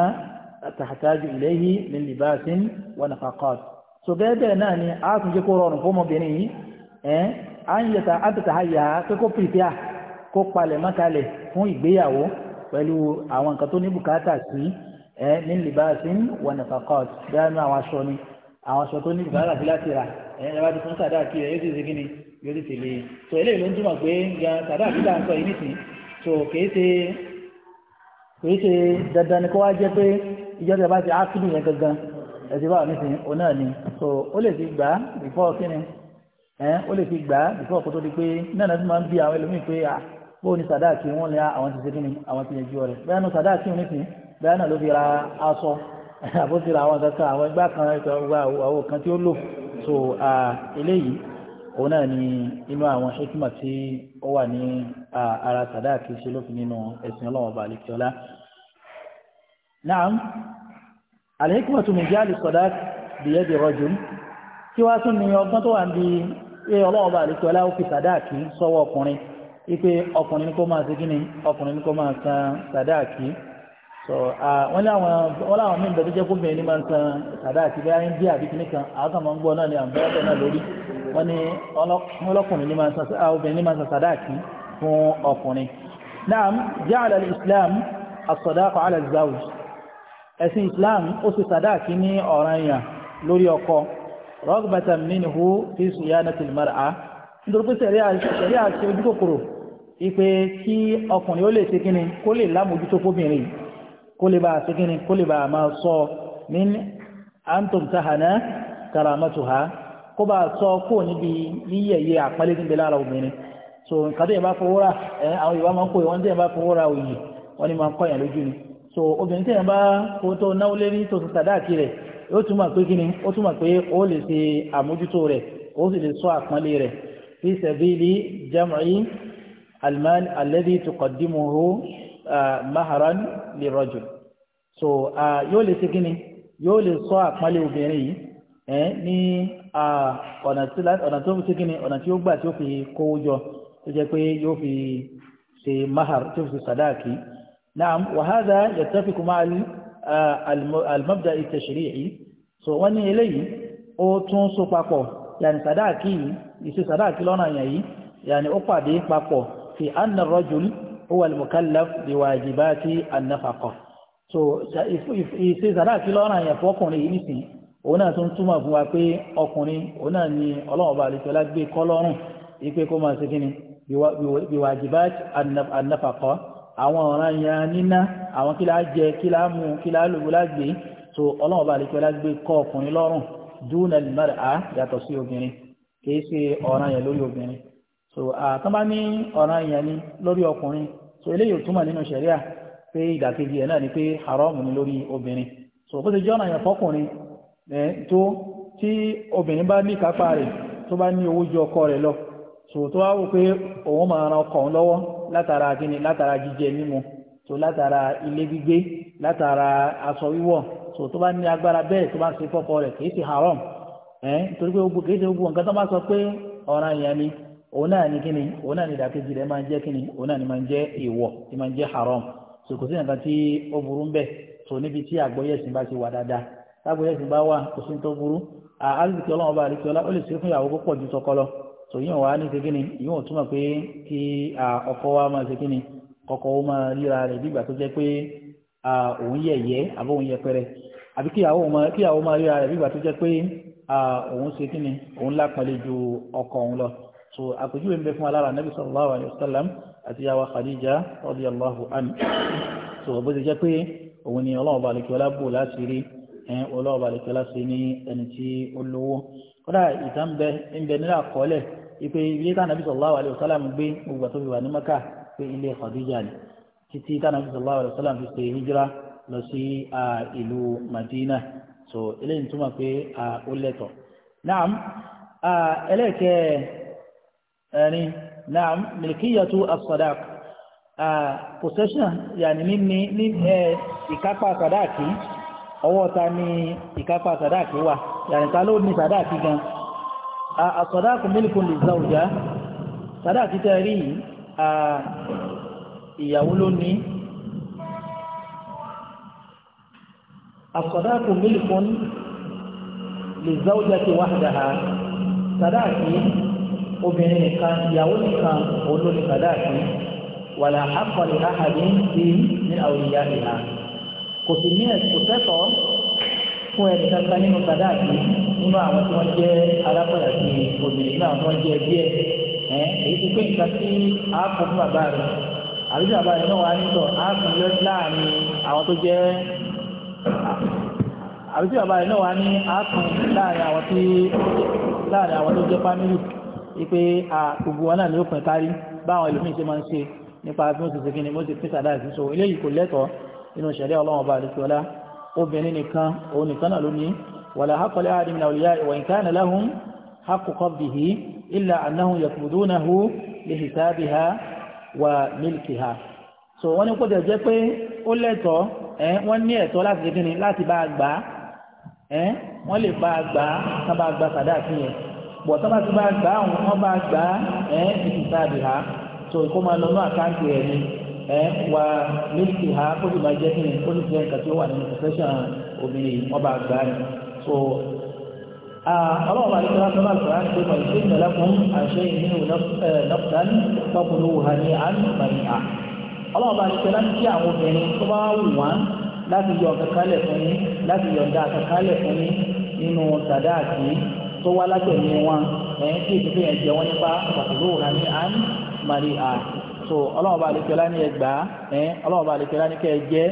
tàtàhájú iléhi min libasin wa nafaqat so gẹ́gẹ́ náà ni a tún jẹ́ kó rọrùn fọ́mọbìnrin yìí ẹ́n a ń yẹta àtẹ̀tà àyà pé kó pìpìà kó palẹ̀ mọ́kalẹ̀ fún ìgbéyàwó pẹ̀lú àwọn nǹkan tó ní bùkátà sí ẹ́ ní libasin wa nafaqat bẹ́ẹ̀ ní àwọn aṣọ ni àwọn aṣọ tó ní bùkátà sí láti rà ẹ́ ẹ bá ti fún sàdáàkì rẹ̀ yóò ti ṣe kí yóò ti tẹ̀lé e. so eléyìí ló ń túmọ̀ pé sàdáàkì là ń sọ yìí nìsín so kìí ẹtì báwo ní sìn òun náà ni so ó lè fi gbà á before kíni ẹ ó lè fi gbà á before kó tó di pé náà náà fi máa ń bí àwọn ẹlòmíì pé à ni sàdáàkì wọn lè àwọn ti ṣe kíni àwọn ti yẹn ju ọ̀rẹ́ bẹ́ẹ̀ nu sàdáàkì wọn ní bẹ́ẹ̀ náà ló fi ra aṣọ àbótí àwọn kankan àwọn ẹgbẹ́ kan àwọn kan tí ó lò so eléyìí òun náà ni inú àwọn hikma tí ó wà ní ara sàdáàkì ṣe lófin nínú ẹ̀sìn ọlọ́wọ́ bàálí kíọ́lá alhikmatu min jali sadaq biyadi rajul kí wá tún ní ọgbọ́n tó wà ń bi pé ọlọ́wọ́ bá àlejò ọlá òkè sàdáàkì sọ́wọ́ ọkùnrin wípé ọkùnrin ní kó máa ṣe kíni ọkùnrin ní kó máa san sàdáàkì so wọ́n láwọn mí ìdọ̀tí jẹ́ kó bẹ̀rẹ̀ ní máa ń san sàdáàkì bí ayé ń bí àbí kíní kan àwọn kan máa ń gbọ́ náà ní àbúrò náà lórí wọ́n ní ọlọ́kùnrin ní máa san obìnrin ní máa san sàdáàkì fún ọkùnrin. naam ja'ala islam as-sadaqa ala az ẹ̀sìn islam ó sì sàdáàkì ní ọ̀ràn èèyàn lórí ọkọ rọ́gbàtà minhu fi siyanatil mar'a nítorí pé sẹ̀rí àṣẹ ojú ipe kí ọkùnrin ó lè ṣe kíni kó lè lámójútó fóbìnrin kó lè bá a ṣe kíni kó lè bá a máa sọ ní antum tahana karamatuha kó bá a sọ kó níbi níbi lára obìnrin so nǹkan tó yẹ bá fowó ra àwọn Yorùbá máa ń tó yẹ bá fowó ra máa so obìnrin tẹ̀yàn bá owó tó náwó lérí tó ti sàdáàkì rẹ̀ ó túmọ̀ pé kíni ó túmọ̀ pé ó lè ṣe àmójútó rẹ̀ ó sì lè sọ àpọ́nlé rẹ̀ fi sabili jam'i almal alladhi tuqaddimuhu maharan lirajul so yóò lè ṣe kíni yóò lè sọ àpọ́nlé obìnrin yìí ní ọ̀nà tó ṣe kíni ọ̀nà tí ó gbà tí ó fi kówó jọ tó jẹ́ pé yóò fi ṣe mahar tó fi sàdáàkì. نعم وهذا يتفق مع المبدأ التشريعي سو وني إليه ó tún so papọ̀ yàní sàdáàkì ìṣe sàdáàkì lọ́nà yẹn yìí yàní ó pàdé papọ̀ fi anna rajul huwa al-mukallaf bi wajibati an-nafaqa so ìṣe sàdáàkì lọ́nà yẹn fọkùnrin yìí nìsín òun náà tún túmọ̀ fún wa pé ọkùnrin òun náà ni ọlọ́run bá àlejò lágbé kọ́lọ́rùn ìpè kó máa ṣe kínni bi wajibati an-nafaqa àwọn ọ̀ràn yẹn níná àwọn kí la jẹ kí mú kí la lò so ọlọ́run bá lè pẹ́ lágbè kọ́ ọkùnrin lọ́rùn dúnà lìmọ́rẹ̀ á yàtọ̀ sí obìnrin kìí ṣe ọ̀ràn yẹn lórí obìnrin so àtọ́ bá ní ọ̀ràn yẹn ní lórí ọkùnrin so eléyìí ò túmọ̀ nínú ṣẹ̀ríà pé ìdàkejì ẹ̀ náà ni pé haram ni lórí obìnrin so bó ṣe jẹ́ ọ̀ràn yẹn fọkùnrin ẹ̀ tó tí obìnrin bá ní kápá rẹ̀ tó bá ní owó ju ọkọ rẹ̀ lọ sòtò wá wò pé òun máa ran ọkọ latara lọ́wọ́ látara kíni látara jíjẹ mímu tó látara ilé gbígbé látara aṣọ wíwọ̀ sòtò bá ní agbára bẹ́ẹ̀ tó bá ṣe fọ́kọ rẹ̀ kì í ṣe haram ẹ̀ torí pé gbogbo kì í ṣe gbogbo nǹkan tó bá sọ pé ọ̀ràn yẹn ni òun náà ni kíni òun náà ni ìdàkejì rẹ̀ máa ń jẹ́ kíni òun náà máa ń jẹ́ máa so yíyan wá ní segin ni yíyan túmọ̀ pé kí ọkọ wa máa segin ni kọkọ ó máa ríra rẹ̀ bí ìgbà tó jẹ́ pé òun yẹ̀yẹ́ àbọ̀ òun yẹpẹrẹ àbí kíyàwó máa ríra rẹ̀ bí ìgbà tó jẹ́ pé òun segin ni òun lápọ̀lẹ̀ ju ọkọ òun lọ so àpèjúwe ń bẹ fún alára nabi sallallahu alayhi wa sallam àti yàwá khadija radiyallahu anha so bó ti jẹ́ pé òun ni ọlọ́run balẹ̀kẹ́lá bò láti rí ọlọ́run ipe ilé tánàbí sallallahu alaihi wasallam gbé gbogbo àtọ́bí wà ní maka pé ilé Khadija ni títí tánàbí sallallahu alaihi wasallam fi ṣe hijira lọ sí ìlú Madina so eléyìí túmọ̀ pé ó lẹ́tọ̀ naam ẹlẹ́kẹ̀ ẹ̀rin naam milkiyatu as-sadaq possession yàní níní ní ìkápá sadaki ọwọ́ ta ni ìkápá sadaki wà yàní ta ló ní sadaki gan àsọdáàkù mílíkùn lè záwùjá sàdáàkì tẹ́ rí ìyàwó ló ní àsọdáàkù mílíkùn lè záwùjá ti wahdaha sàdáàkì obìnrin nìkan ìyàwó nìkan òun ló ní sàdáàkì wàlà àkọlù àhàdín sí ní àwòrán ìhà kò sì ní ẹ̀sùn tẹ́tọ̀ọ́ fún ẹnìkan kan nínú sàdáàkì nínú àwọn tí wọ́n jẹ́ alágbàdà sí obìnrin nínú àwọn tí wọ́n jẹ́ ẹbí ẹ̀ ẹ́ èyí ti pé nǹkan tí a kọ fún bàbá rẹ̀ àbí tí bàbá rẹ̀ náà wà nítọ̀ a kọ lọ láàrin àwọn tó jẹ́ àbí tí bàbá rẹ̀ náà wà ní a kọ láàrin àwọn tí láàrin àwọn tó jẹ́ fámìlì ipe a gbogbo wọn náà ló pẹ̀ kárí báwọn ẹlòmíín ṣe máa ń ṣe nípa bí wọ́n ti ṣe kí ni wọ́n ti pín sàdá àti so eléyìí kò lẹ́tọ̀ọ́ inú ìṣẹ̀lẹ̀ ọlọ́run ọba àdìsọ́lá obìnrin nìkan òun nìkan náà ló ní ولا حق لأحد من أولياء وإن كان لهم حق قبضه إلا أنهم يقبضونه لحسابها وملكها so wọ́n ní kó tẹ̀ jẹ́ pé ó lẹ́tọ̀ ẹ́ wọ́n ní ẹ̀tọ́ láti gbìn láti bá a gbà á ẹ́ wọ́n lè bá a gbà á kán bá a gba sàdáàkì yẹn bọ̀ tán bá ti bá a gbà á wọ́n bá a gbà á ẹ́ ìsàbíhà so kó máa lọ ní àkáǹtì rẹ̀ ni ẹ́ wà mílíkì ha kó sì máa jẹ́ kí kó sì jẹ́ nǹkan tí ó wà nínú profession obìnrin wọ́n bá a gbà á ni so ọlọ́ọ̀bá ní kíláàsì náà kò án tó pẹ̀lú sí ìmọ̀lẹ́kùn àṣẹ ìnú lọ́pùtàn tọ́kùnú ha ní àmìbàmìhà ọlọ́ọ̀bá ní tí àwọn obìnrin tó bá wù wọ́n láti yọ kankanlẹ̀ fún yín láti yọ̀ǹda kankanlẹ̀ fún yín nínú sàdáàkì tó wá látẹ̀mí wọn ẹ̀yìn tí ìdílé yẹn jẹ wọ́n nípa pàtàkì ha ní àmìbàmìhà so ọlọ́ọ̀bá ní kíláàsì ẹgbàá ọlọ́ọ̀bá ní kẹ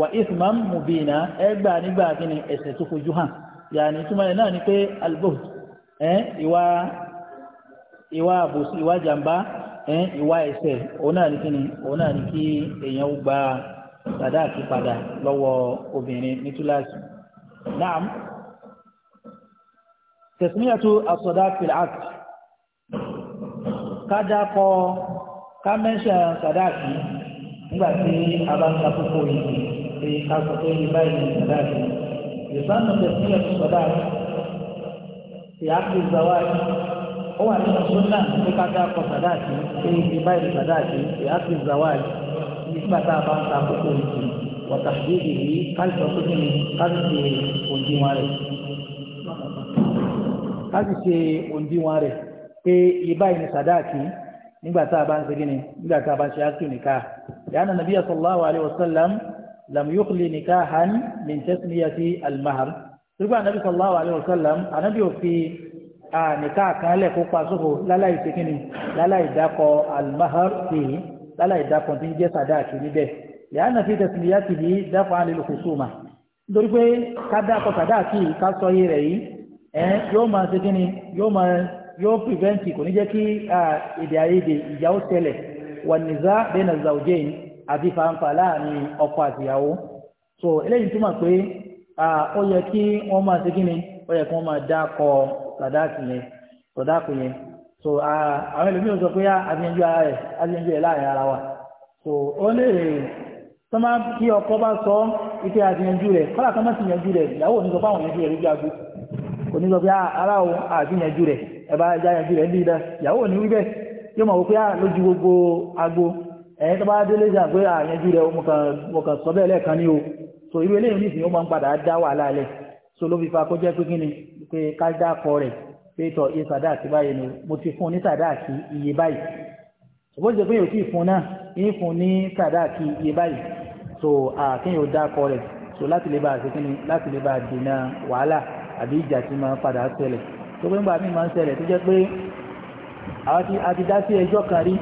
wà isman mubina ẹ gbà nígbà kí ni ẹ̀ṣẹ̀ tó fojú hàn yàní túmọ̀ ẹ̀ náà ni pé albuhd ẹ ìwà ìwà àbòsí ìwà jàmbá ẹ ìwà ẹ̀ṣẹ̀ òun náà ni kí ni òun náà ni kí èèyàn gba sàdáàkì padà lọ́wọ́ obìnrin ní túláàsì naam tẹ̀síníyàtú as-sadaq kájà kọ ká mẹ́ṣẹ̀ sàdáàkì nígbà tí a bá ń ta yìí pé ká sọ pé ibà yìí ní sọdá yìí ìsánù tẹsí ẹ̀kú sọdá yìí ti ápè zawa yìí ó wà nínú sọdá pé ká dá ọkọ sọdá yìí pé ibà yìí sọdá yìí ti ápè zawa yìí nígbà tá a bá ń ta àkókò yìí wọ́tà bíbí sallallahu alaihi wasallam lam yukhli nikahan min tasmiyati al-mahr nígbà anabi sallallahu alayhi wa sallam anabi ò fi nìka kan lẹ̀ kó pa sófo láláì sekínì láláì dákọ̀ al-mahr sí i láláì dákọ̀ tí ń jẹ́ sàdáàkì níbẹ̀ yàrá nàfi tasmiyatihi dáfọ̀ àlè lùkùsùmà nítorí pé ká dákọ̀ sàdáàkì ká sọ yé rẹ̀ yìí ẹ̀ yóò máa sekínì yóò máa yóò prevent kò ní jẹ́ kí èdè àìyedè ìjà ó tẹ̀lẹ̀ wà nìza bẹ́ẹ̀ nà zàwùjẹ́ àbí fàǹfà láàrin ọkọ àtìyàwó so eléyìí túmọ̀ pé ó yẹ kí wọ́n máa ṣe kíni ó yẹ kí wọ́n máa dá kọ sàdáàkì yẹn sàdáàkì yẹn so àwọn ẹlòmíràn sọ pé àbíyanjú ara rẹ̀ àbíyanjú rẹ̀ láàrin ara wa so ó lè tó máa bí ọkọ bá sọ ike àbíyanjú rẹ̀ kọ́lá kan máa ti yanjú rẹ̀ ìyàwó ò ní sọ fáwọn yanjú rẹ̀ lójú agbo kò ní sọ pé ara ò àbíyanjú rẹ̀ ẹ bá yanjú rẹ̀ bí i dá ìyàwó ò wí bẹ́ẹ̀ ẹ̀yìn tó bá délé jà pé àyànjú rẹ̀ mo kàn sọ bẹ́ẹ̀ lẹ́ẹ̀kan ní o so irú eléyìí nísìnyí ó máa ń padà dá wàhálà lẹ̀ so ló fi fa kó jẹ́ pé kí ni pé ká dá kọ rẹ̀ pé tọ̀ iye sàdáàkì báyìí ni mo ti fún ní sàdáàkì iye báyìí ṣùgbọ́n ṣe pé yóò sì fún náà yín fún ní sàdáàkì iye báyìí so àkínyìn ó dá kọ rẹ̀ so láti lè bá a ṣe kí láti lè bá a dènà wàhálà àbí ìjà tí máa ń padà ṣẹlẹ̀ tó pé ńgbà míì máa ń ṣẹlẹ̀ tó jẹ́ pé àwọn dá sí ẹjọ́ kan rí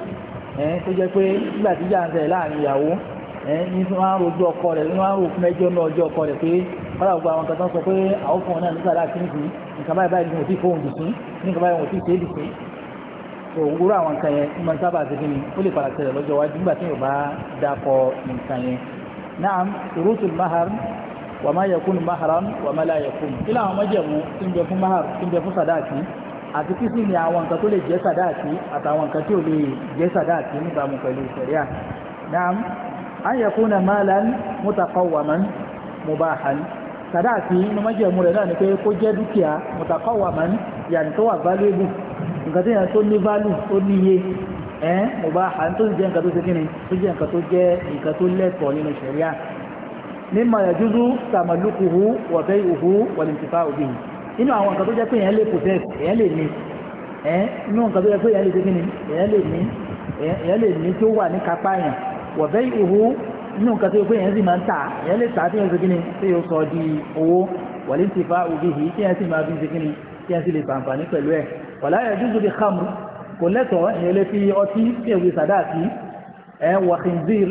ẹ̀ tó jẹ́ pé nígbà tí ìjà ń ṣẹlẹ̀ láàrin ìyàwó ẹ̀ ní tí wọ́n á rojú ọkọ rẹ̀ ní wọ́n á rò fún ẹjọ́ náà ọjọ́ ọkọ rẹ̀ pé wọ́n gbogbo àwọn kan tó ń sọ pé àwọn fún ọ náà nígbà láti ń sìn nǹkan báyìí báyìí wọn ò tí fóun dì sí nǹkan báyìí wọn ò tí ṣe é dì sí tó wúrọ̀ àwọn nǹkan yẹn wọ́n máa ń sábà ṣe kí ni ó lè padà ṣẹlẹ̀ lọ́jọ́ iwájú nígbà tí yóò bá dákọ̀ nǹkan yẹn naam mahar wàmá sadaki àti kí sì ni àwọn nǹkan tó lè jẹ́ sàdáàkì àtàwọn nǹkan tí ò lè jẹ́ sàdáàkì níbàámu pẹ̀lú ìṣẹ̀ríà naam an yakuna malan mutaqawwaman mubahan sàdáàkì inú májẹ̀mú rẹ̀ náà ni pé kó jẹ́ dúkìá mutaqawwaman yàní tó wà valuable nǹkan tó yàn tó ní value tó níye ẹ̀ mubahan tó jẹ́ nǹkan tó ṣe kíni tó jẹ́ nǹkan tó jẹ́ nǹkan tó lẹ́tọ̀ọ́ nínú ìṣẹ̀ríà mimma yajuzu tamalukuhu nínú àwọn nǹkan tó jẹ́ pé èèyàn lè possess èèyàn lè ní ẹ́ nínú nǹkan tó jẹ́ pé èèyàn lè dégbé ni èèyàn lè ní èèyàn lè ní tó wà ní kápá èèyàn wọ̀bẹ́ ìhòhò nínú nǹkan tó jẹ́ pé èèyàn sì máa ń tà èèyàn lè tà á tí èèyàn ni tí yóò sọ di owó wọ̀lé ti fa òbí yìí tí èèyàn sì máa bí dégbé ni tí èèyàn sì lè fàǹfààní pẹ̀lú ẹ̀ wọ̀lá ẹ̀dúnjú bi khamr kò lẹ́tọ̀ọ́ èèyàn lè fi ọtí tí èèyàn fi sàdáàkì ẹ̀ wà khinzir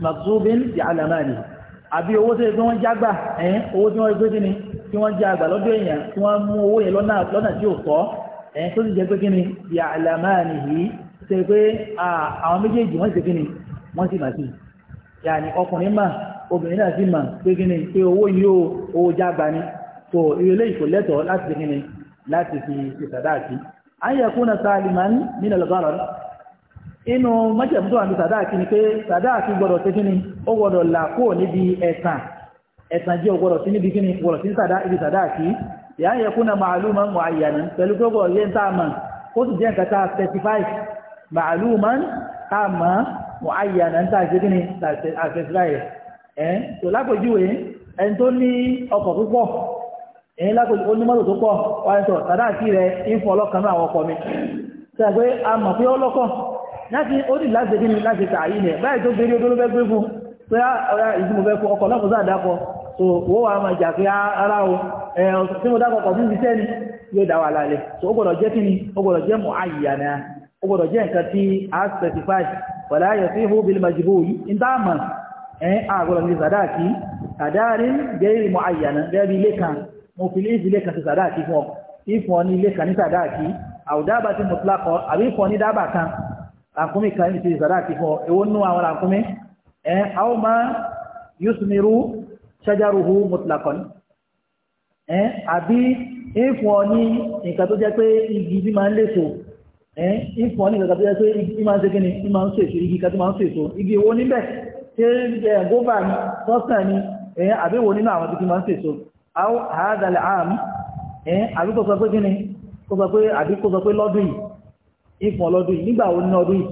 maktubin bi alamani àbí owó tó yẹ kí wọ́n jágbà ẹ̀yìn owó tí wọ́n gbé kí ni tí wọ́n jẹ àgbà lọ́dọ̀ èèyàn tí wọ́n mú owó yẹn lọ́nà tí ò tọ́ ẹ̀yìn tó sì jẹ́ pé kí ni bi alamani yìí ṣe pé àwọn méjèèjì wọ́n ṣe kí ni wọ́n sì mà sí yàní ọkùnrin mà obìnrin náà sì mà pé kí ni pé owó yìí ó owó jágbà ni tó ilé ìkò lẹ́tọ̀ọ́ láti ṣe kí ni láti fi ṣèṣàdá inú májẹ̀mú tó wà ní sàdáàkì ni pé sàdáàkì gbọ́dọ̀ sí kíni ó gbọ́dọ̀ là kúrò níbi ẹ̀sàn ẹ̀sàn jẹ́ ọgbọ́dọ̀ sí níbi kíni gbọ́dọ̀ sí ibi sàdáàkì ìyá yẹ kúnà màálùmọ́ mu'ayyanan pẹ̀lú pé gbọ́dọ̀ yẹn tá a mọ̀ ó sì jẹ́ nǹkan tá a tá a ṣe a ẹ̀ tó tó ní ọkọ̀ púpọ̀ ó ní mọ́tò tó pọ̀ láti orí láti ṣe kíni láti ṣàyí nẹ̀ báyìí tó gbèrè odó ló fẹ́ gbé fún pé ah, ọ̀rá ìdí mo fẹ́ fún ọkọ̀ lọ́kùn sáà dákọ̀ so wọ́n wà máa jà pé ara ah, o tí mo dákọ̀ kọ̀ fún iṣẹ́ ni yóò dá wà lálẹ́ so ó gbọ́dọ̀ jẹ́ kíni ó gbọ́dọ̀ jẹ́ mọ̀ àyíyá náà ó gbọ́dọ̀ jẹ́ nǹkan tí a specify wàlá ayọ̀ sí ihò bíi màjìbò yìí ń dá àmà ẹ̀ àgbọ̀dọ̀ ní sàdáàkì àdáàrin gẹ́rì mọ̀ àyíyá náà gẹ́rì ilé kan mo fi lé ìdílé kan sí sàdáàkì ti mùtlákọ àbí ìfún ní dábà kan ràkúnmí kan ní ti sàdáàkì fún ọ èwo nú àwọn ràkúnmí ẹ àwọn ma yusmiru ṣájàrúhu mutlakon ẹ àbí ìfún ọ ní nǹkan tó jẹ́ pé igi bí máa ń léso ẹ ìfún ọ ní nǹkan tó jẹ́ pé igi máa ń ṣe kíni igi máa ń ṣèṣe igi kan tó máa ń ṣèṣe igi èwo níbẹ̀ ṣé ẹ gófà ni sọ́sàn ni ẹ àbí èwo nínú àwọn tó ti máa ń ṣèṣe àádàlẹ̀ àmì ẹ àbí kò sọ pé kíni kò sọ pé àbí kò sọ pé lọ́dún yìí ìfún ọlọ́dún yìí nígbà wo ní ọdún yìí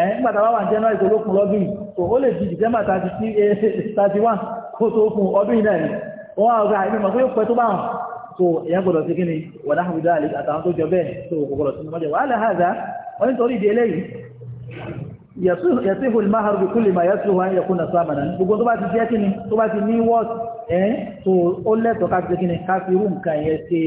ẹ̀ nígbà tá a bá wà ní january tó lókun lọ́dún yìí tó ó lè di december thirty eh, one kó tó kún ọdún yìí náà ni wọ́n á ọ̀gá ẹni mọ̀ pé ó pẹ́ tó bá hàn tó ìyẹn gbọ́dọ̀ sí kíni wàdà àbúdá àlè àtàwọn tó jọ bẹ́ẹ̀ tó kò gbọ́dọ̀ sínú mọ́jọ wàhálà hàzà wọ́n nítorí ìdí eléyìí yẹ̀síhù ìmáhàrù bí kúlì máa yẹ́síhù wáyé kúnnà sáàmàdà gbogbo tó bá ti jẹ́ kíni tó bá ti ní wọ́ọ̀tì ẹ̀ tó ó lẹ́tọ̀ọ́ ká ti kíni ká fi ṣe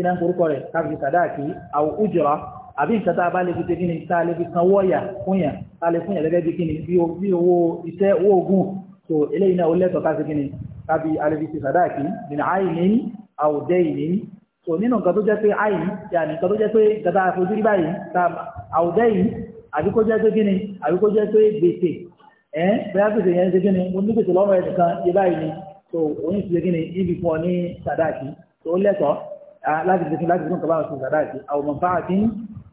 kí náà ń korúkọ rẹ̀ káfíń sàdáàkì àwọn ujra àbí nǹkan tá a bá lè fi tẹ́kí ni tá a lè fi kan wọ́ọ̀yà fúnyàn tá a lè fúnyàn gẹ́gẹ́ bí kíni bí owó iṣẹ́ owó ogun tó eléyìí náà ó lẹ́tọ̀ọ́ ká sí kíni kábí a lè fi ṣe sàdáàkì min aynin aw daynin tó nínú nǹkan tó jẹ́ pé àìní yàní nǹkan tó jẹ́ pé nǹkan tá a fojú rí báyìí tá aw daynin àbí kó jẹ́ pé kíni àbí kó jẹ́ pé gbèsè ẹ̀ bẹ́ẹ̀ gbèsè yẹn ṣe kíni mo ní gbèsè Ah, láti fi láti fi nǹkan bá oṣù sàdá àti àwọn mọ̀fáàtì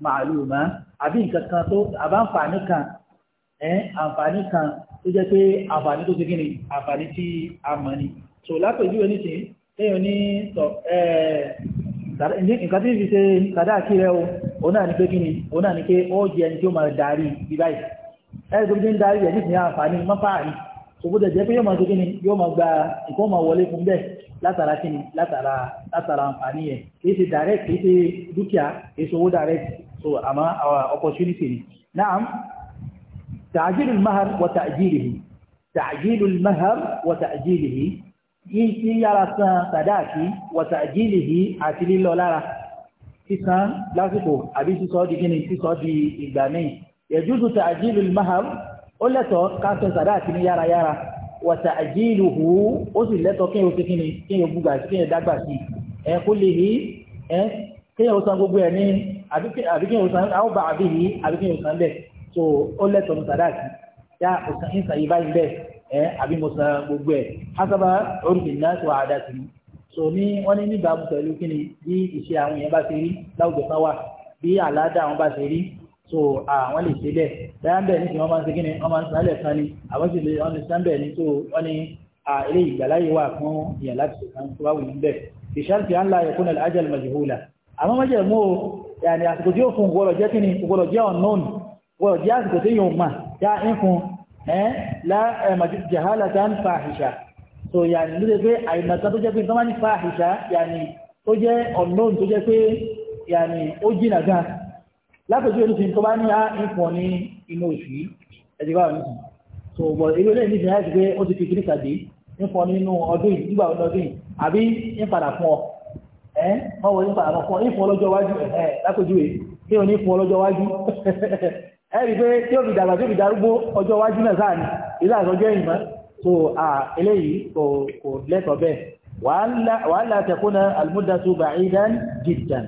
màálù mọ́ àbí nǹkan kan tó àbáǹfààní kan ẹ̀ àǹfààní kan tó jẹ́ pé àǹfààní tó ti gíni àǹfààní tí a mọ̀ ni so lápèjúwe nísìnyí téèyàn ní sọ nǹkan tí fi ṣe sàdá àti rẹ o òun náà ni pé kíni òun náà ni pé ó jẹ ẹni tí ó máa darí bí báyìí ẹ̀ ẹ́ ń darí ẹ̀ nísìnyí àǹfààní mọ́fáàrí sògbódà jẹ́ pé yóò máa ṣe kíni yóò máa gba nǹkan máa wọlé fún bẹ́ẹ̀ látara kíni látara látara àǹfààní yẹn kì í ṣe direct kì í ṣe dúkìá kì í ṣe owó direct so àmọ́ opportunity ni. naam ta'jilu al-mahar wa ta'jilihi ta'jilu al-mahar wa ta'jilihi yìí yára san sàdáàkì wa ta'jilihi àti lílọ lára sísan lásìkò àbí sísọ di kíni sísọ di ìgbà míì yajuzu ta'jilu al-mahar ó lẹ́tọ̀ káàkiri sàdá àti ní yárayára wàtà àjíìlùhù ó sì lẹ́tọ̀ kéèyàn ti kíni kéèyàn búgbà sí kéèyàn dágbà sí ẹ kó lè rí ẹ kéèyàn gbogbo ẹ ní àbí kéèyàn ó àbí yìí àbí so ó lẹ́tọ̀ ní sàdá àti yá òsàn ń sàyè hasaba orúkì náà so ní wọ́n ní nígbà mú pẹ̀lú kíni bí ìṣe àwọn èèyàn bá so àwọn lè ṣe bẹ́ẹ̀ dáńbẹ̀ ní kí wọ́n máa ń ṣe kí ni wọ́n máa ń sálẹ̀ kan ni àwọn sì lè wọ́n lè sáńbẹ̀ ní so wọ́n ní ilé ìgbàláyè wà fún ìyàn láti ṣe kan tó bá wù ní bẹ́ẹ̀ ìṣàǹtì à ń la ẹ̀kún náà ajal majhula àmọ́ májẹ̀ mú o yàní àsìkò tí ó fún gbọ́dọ̀ jẹ́ kí ni gbọ́dọ̀ jẹ́ unknown gbọ́dọ̀ jẹ́ àsìkò tí yóò mà já ń fún ẹ́ lá jahalatan fahisha so yàní ló jẹ́ pé àìmọ̀kan tó jẹ́ pé sọ́mọ́ tó jẹ́ pé látọ̀jú orí tó bá ní á ń pọ̀ ní inú oṣù yìí ẹ̀jẹ̀ bá wà ní sùn tó bọ̀ irú ilé ìdíje láti pé ó ti fi kiri kàdé ń pọ̀ nínú ọdún yìí nígbà ọdún yìí àbí ń padà fún ọ ẹ wọ́n wọ ń padà fún ọ ń fún ọlọ́jọ́ wájú ẹ látọ̀jú rẹ̀ kí o ní fún ọlọ́jọ́ wájú ẹ rí i pé tí ó dàgbà tí ó darúgbó ọjọ́ wájú náà sáà ní ilé àtọ́jọ́ yìí mọ́ so eléyìí kò lẹ́tọ̀ọ́ bẹ́ẹ̀ wàhálà tẹ̀kúnà almuddatu ba'idan jiddan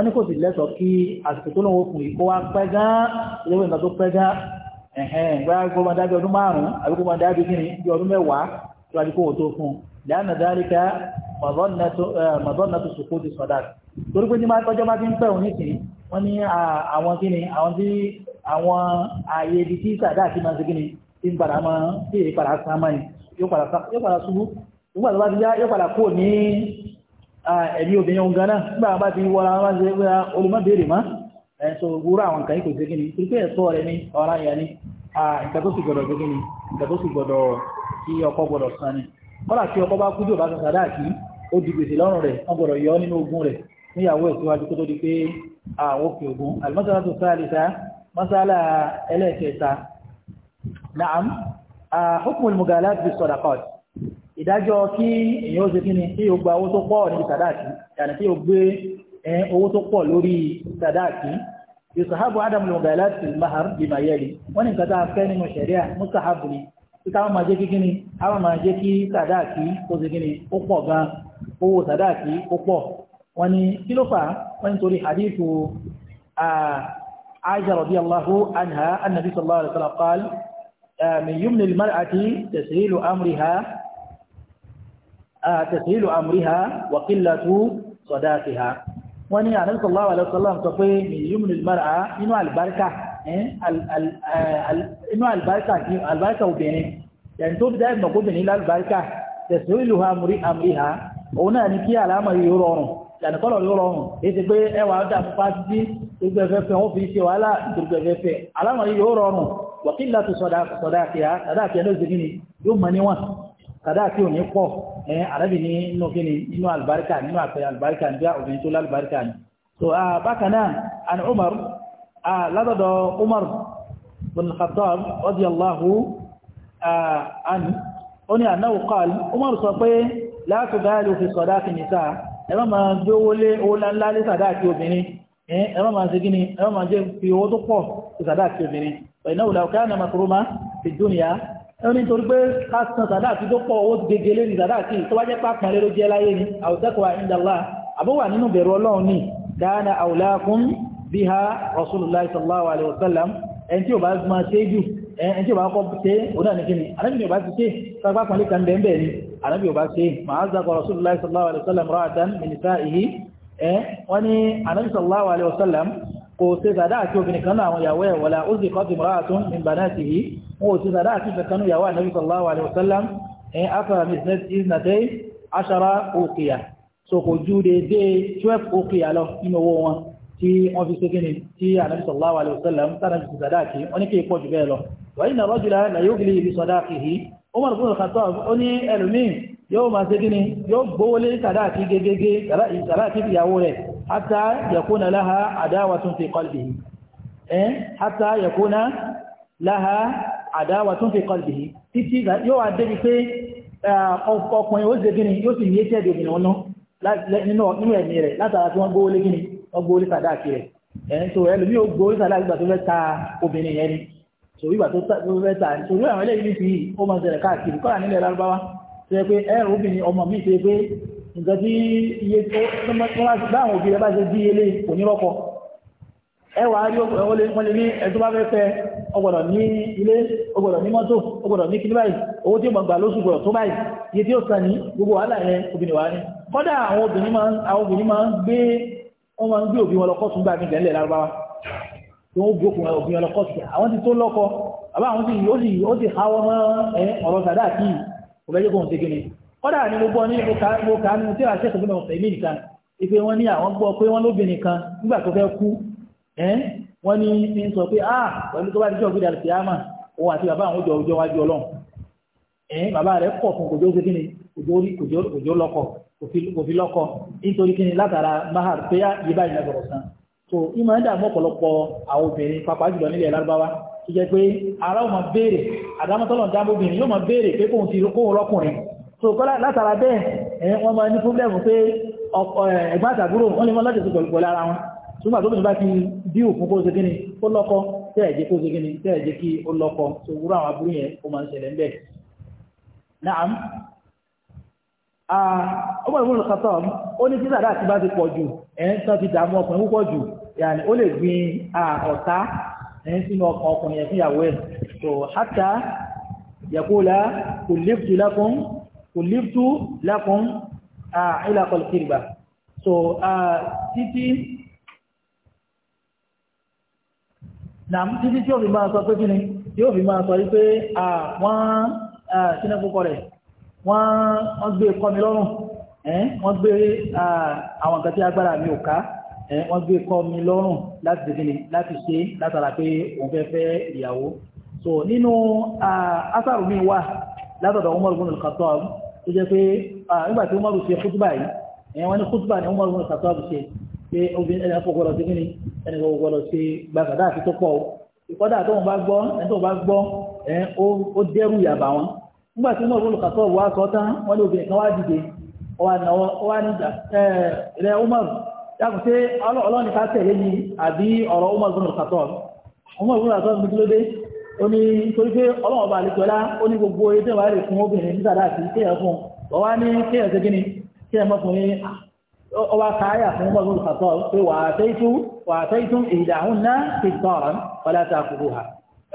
wọ́n ní kò sì lẹ́tọ̀ọ́ kí àsìkò tó lóun okùn yìí kó wá pẹ́ gán ìléwé nǹkan tó pẹ́ gán ẹ̀hẹ́n bóyá kó máa dábí ọdún márùn-ún àbí kó máa dábí kí ni bí ọdún mẹ́wàá tó wá ní kó wò tó fún un lẹ́yìn àdáríkà mọ̀dọ́nà tó sòkó ti sọ̀dá torí pé nígbà tọ́jọ́ bá ti ń pẹ̀rùn nísìnyí wọ́n ní àwọn kí ni àwọn tí àwọn ààyè ibi tí sàdá àti máa ń ṣe kí ni tí ń padà máa ń tí èyí padà sá máa yóò padà ṣubú ní Ah, ẹ̀mí obìnrin ohun ganá nígbà bá ti wọ́ra wá sí pé olùmọ́bèèrè má ẹ̀sọ gbúrú àwọn nǹkan kò gẹ́gẹ́ ni tí pé ẹ̀sọ́ rẹ̀ ní ọ̀rá ìyá ní nǹkan tó sì gbọdọ̀ gẹ́gẹ́ ni nǹkan tó sì gbọdọ̀ kí ọkọ gbọdọ̀ san ni kọ́là tí ọkọ bá kú jù bá san sàdá kí ó di gbèsè lọ́rùn rẹ̀ ìdájọ́ kí èyàn ó ṣe kí ni kí o gba owó tó pọ̀ ní sàdáàkì yàrá kí o gbé owó tó pọ̀ lórí sàdáàkì yusuhabu adam lugalati mahar bimayeli wọ́n ní nǹkan tá a fẹ́ nínú sẹ̀ríà mustahabu ni kí káwọn máa jẹ́ kí kíni káwọn máa jẹ́ kí sàdáàkì ó ṣe kíni ó pọ̀ gan owó sàdáàkì ó pọ̀ wọ́n ní kí ló fà wọ́n ní torí hadithu عائشة رضي الله عنها النبي صلى الله عليه وسلم قال من يمن المرأة تسهيل أمرها tẹ̀sílù àmúríhà wàkílà tó sọ̀dá sí ha wọ́n ní ànábì sallallahu alaihi wasallam sọ pé yumni al-mar'a inú àlùbáríkà inú àlùbáríkà obìnrin yẹn tó dáa ìmọ̀ gómìnà lálùbáríkà tẹ̀sílù àmúríhà òun náà ní kí àlámà yóò rọrùn yàtọ̀ kọ́lọ̀ yóò rọrùn èsì pé ẹwà ọ̀dà pupa títí gbogbo ẹ̀fẹ́ fẹ́ wọ́n fi ṣe wàhálà gbogbo sàdáàkì òní pọ̀ ẹ àrẹ́bì ní inú kíni inú albarka nínú àpẹẹrẹ albarka ní bí obìnrin tó lálbarka ni so bákan náà an umar látọ̀dọ̀ umar bin khattab radiyallahu anhu ó ní annahu qala umar sọ pé la tubalu fi sadaqi nisa ẹ má máa gbé owó lé owó ńlá lé sàdáàkì obìnrin ẹ má máa ṣe gíní ẹ má máa jẹ́ fi owó tó pọ̀ sí sàdáàkì obìnrin fa innahu law kana makruma fi dunya ẹni torí pé kásán sàdáàtì tó pọ̀ owó gegele ní sàdáàtì tó wá jẹ́ pàpàrẹ ló jẹ́ láyé ni àwùjẹ́kọ̀ọ́ àyíndàlá àbúwà nínú bẹ̀rù ọlọ́run ní dáadáa àwùlákún bí ha rasulullah sallallahu alaihi wasallam ẹni tí ó bá máa ṣe jù ẹni tí ó bá kọ́ ṣe ọ̀dà ní kíni anábì ni ó bá ti ṣe kápá pọ̀lẹ́ kan bẹ́ẹ̀ ni anábì ó bá ṣe màá kò ṣe sàdá àti obìnrin kan náà àwọn ìyàwó ẹ̀ wala uzziqat imra'atun min banatihi wọn ò ṣe sàdá àti ìfẹ̀kanú ìyàwó ànábì sallallahu alaihi wasallam ẹ̀ afẹ́ra mrs isnatay ashara uqiya so kò ju dédé 12 uqiya lọ nínú owó wọn tí wọ́n fi ṣe tí ànábì sallallahu alaihi حتى يكون لها عداوة في قلبه حتى يكون لها عداوة في قلبه títí yóò wá débi pé ọkùnrin ó ṣe gíní yóò sì yé tẹ́ẹ̀dì obìnrin ọ̀nà nínú ẹ̀mí rẹ̀ látara tí wọ́n gbówó lé gíní wọ́n gbówó lé sàdáàkì rẹ̀ ẹ̀yìn eh? tó ẹlòmí ò gbówó lé sàdáàkì ìgbà tó fẹ́ ta obìnrin yẹn ni sòrí ìgbà tó fẹ́ ta sòrí àwọn eléyìí ní fi ó máa ṣẹlẹ̀ káàkiri kọ́ra nílẹ̀ lárúbáwá tó yẹ pé ẹ̀rù obìnrin ọmọ mi ṣe pé nǹkan tí iye tó báwọn òbí rẹ bá ṣe bí ilé kò ní rọ́kọ ẹwà rí wọ́n lè ní ẹ̀tọ́ bá fẹ́ fẹ́ ọgbọ̀dọ̀ ní ilé ọgbọ̀dọ̀ ní mọ́tò ọgbọ̀dọ̀ ní kíní báyìí owó tí ó gbàgbà lóṣù gbọ̀dọ̀ tó báyìí iye tí ó sàn ní gbogbo wàhálà yẹn obìnrin wà ní kọ́dà àwọn obìnrin máa ń gbé wọ́n máa ń gbé òbí wọn lọ kọ́sùn gbà mí gẹ̀ẹ́lẹ̀ lárúbáwá kọ́dà ni mo gbọ́ ní mo kà nínú tí àṣẹ ìṣẹ́gun ọ̀sẹ̀ mí nìkan ipe wọ́n ní àwọn gbọ́ pé wọ́n lóbìnrin kan nígbà tó fẹ́ kú wọ́n ní ní sọ pé ah pẹ̀lú tó bá ti jọ gbé dàlùkì àmà òun àti bàbá àwọn òjò fún ṣe kíni lọ́kọ̀ kò fi lọ́kọ̀ nítorí kíni látara mahar pé ah, san so ìmọ̀ ọ̀pọ̀lọpọ̀ àwọn so kọ́lá látara bẹ́ẹ̀ ẹ̀ wọ́n máa ní fúnlẹ̀mù pé ẹ̀gbọ́n àtàbúrò wọ́n lè mọ́ lọ́dẹ̀ tó pẹ̀lú ara wọn ṣùgbọ́n àtọ́bìnrin bá ti bí òkú kó ṣe kíni kó lọ́kọ tẹ́ẹ̀jẹ́ kó ṣe kíni tẹ́ẹ̀jẹ́ kí ó lọ́kọ so wúrọ̀ àwọn aburú yẹn ó máa ń ṣẹlẹ̀ ń bẹ̀. naam ọmọ ìwúrò kàtọ́ ó ní títà láti bá ti pọ̀ jù ẹ̀ ń tán ti dààmú ọkùnrin púpọ̀ jù yàní ó lè gbin ọ̀tá ẹ̀ ń sínú ọkùnrin yẹn fún ìyàwó ẹ̀ so hátà yàkúlá kò lè kùlìtù lakum ila kọlùkìrìbà so títí na títí tí ó fi máa sọ pé kí ni tí ó fi máa sọ wípé wọ́n sínú púpọ̀ rẹ̀ wọ́n gbé kọ́ mi lọ́rùn wọ́n gbé àwọn nǹkan tí agbara mi ò ká wọ́n gbé kọ́ mi lọ́rùn láti dèkí ni láti ṣe látara pé òun fẹ́ fẹ́ ìyàwó so nínú asàrù mi wà látọ̀dọ̀ Umar ibn al-Khattab tó jẹ́ pé nígbà tí Umar ṣe kútùbà yìí ẹ̀yẹn wọ́n ní kútùbà ní Umar ibn al-Khattab ṣe pé obìnrin ẹni afọ́gbọ́dọ̀ sí kíni ẹni gbọ́dọ̀ ṣe gbàgàdá àti tó pọ̀ ìkọ́dà tó ń bá gbọ́ ẹni tó bá gbọ́ ẹ̀yẹn ó dẹ́rù yàbá wọn nígbà tí Umar ibn al-Khattab wá sọ tán wọ́n ní obìnrin kan wá dìde wá ní ilẹ̀ Umar yàtọ̀ sí ọlọ́ọ̀ni ká tẹ̀lé ni àbí ó ní torí pé ọlọ́run ọba àlejòlá ó ní gbogbo ẹgbẹ́ wa lè fún obìnrin ní sàdá àti kéèyàn fún ọwá ní kéèyàn ṣe gíní kéèyàn mọ́kùnrin ọwá káyà fún mọ́kùnrin olùkàtọ́ pé wà á fẹ́ wà á fẹ́ ìdá àwọn náà ti tọ̀ wọlé àti àkùrù ha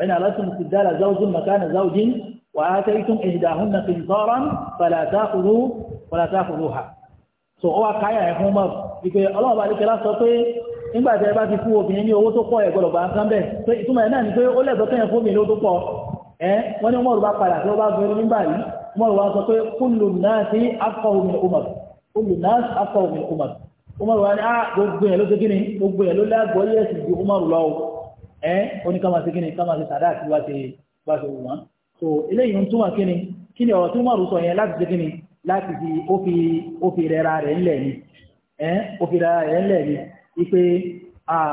ẹni alásùn ti dára záwùjú makana záwùjí wà á fẹ́ ìdá àwọn náà ti tọ̀ wọlé àti àkùrù ha nígbàtẹ́ bá ti fún obìnrin ní owó tó pọ̀ ẹ̀gbọ́dọ̀ bá ń kán bẹ̀ pé ìtumọ̀ ẹ̀ náà ni pé ó lẹ́gbọ́ kẹ́yàn fún obìnrin tó pọ̀ ẹ́ wọ́n ní mọ́rù bá padà tí ó bá gbẹ̀rún nígbà yìí mọ́rù wá sọ pé kullu nasi afqahu min Umar kullu nasi afqahu min Umar Umar wa ni a ah, gbogbo ẹ̀ ló ṣe kíni gbogbo ẹ̀ ló Umar lọ o ẹ́ kama ṣe kíni kama ṣe sàdá àti wá so eléyìí ń túmọ̀ kíni kíni ọ̀rọ̀ tí Umar sọ yẹn láti ṣe kíni láti fi ó fi rẹra rẹ̀ ńlẹ̀ rẹ̀ ńlẹ̀ ni wípé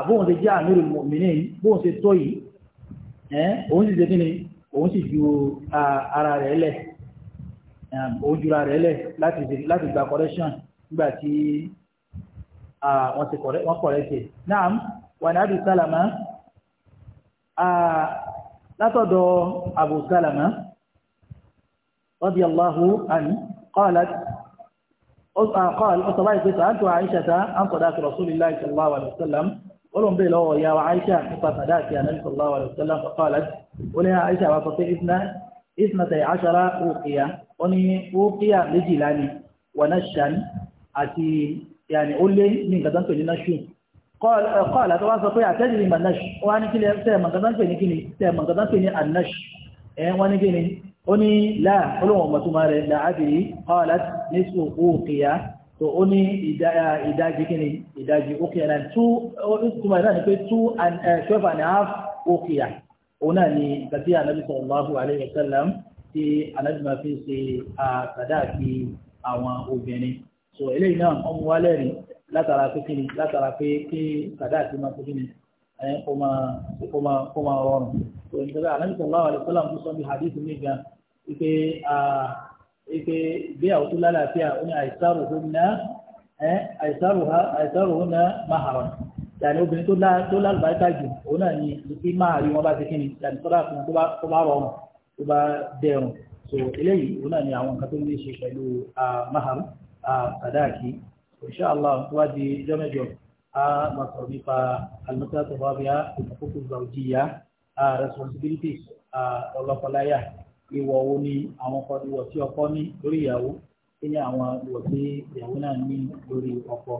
bóun ṣe jẹ́ àmírù mọ̀mìnì bóun ṣe tó yìí òun sì ṣe kí ni òun sì ju ara rẹ̀ lẹ̀ òun jura rẹ̀ lẹ̀ láti gba correction nígbà tí wọ́n correct ẹ̀ náà wà ní Abu Salama látọ̀dọ̀ Abu Salama radiyallahu anhu qalat قال أصبعت سألت عائشة عن صلاة رسول الله صلى الله عليه وسلم ولم بيله يا عائشة حتى صلاة يا نبي صلى الله عليه وسلم فقالت ولها عائشة وتطيع إثنى إثنتي عشر أوقية وني أوقية لجلاني ونشا أتي يعني قول لي من قدمت لنشو قال قال طبعا سطيع من نش وأنا كلي من قدمت لنكني من قدمت لنكني وأنا كلي ó ní láà olóhùn ọmọ tó máa rẹ̀ láàbì qalat nisfu uqiya tó ó ní ìdájí kí ni ìdájí uqiya náà two ó túmọ̀ náà ni pé two and eh, twelve and a half uqiya òun náà ni ìgbà tí anabi sallallahu alayhi wa sallam tí anabi máa fi ṣe àkàdáàkì àwọn obìnrin so eléyìí náà ọmọ wa lẹ́rìí látara pé kí ni látara pé kí kàdáàkì máa fi kí ni eh, kó máa rọrùn. Ìjọba àlẹ́ sọ̀rọ̀ àwọn àlẹ́ ń sọ bí hadith mi Ike, ipe ipe ìgbéyàwó tó lálàáfíà ó ní àìsàrò hóná àìsàrò ha àìsàrò hóná maharan yàrá obìnrin tó lálùbáríkà jù òun náà ni kí máa rí wọn bá ti kíni yàrá sọ́dọ̀ àfihàn tó bá rọrùn tó bá dẹrùn so eléyìí òun náà ni àwọn nǹkan tó ní í ṣe pẹ̀lú mahar sadaki insha allah tó bá di jọ́mẹ́jọ a máa sọ̀rọ̀ nípa alimọ́tà tó bá bí a ìmọ̀kókò zàwùjíyà responsibilities ìwọ̀ wo ni àwọn ọkọ ìwọ̀ tí ọkọ ní lórí ìyàwó kí ni àwọn ìwọ̀ tí ìyàwó náà ní lórí ọkọ.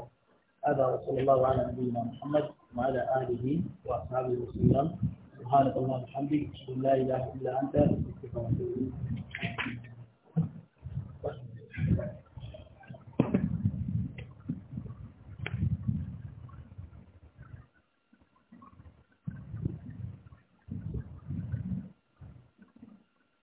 هذا وصلى الله على نبينا محمد وعلى آله وأصحابه وسلم سبحانك اللهم وبحمدك أشهد أن لا إله إلا أنت أستغفرك وأتوب إليك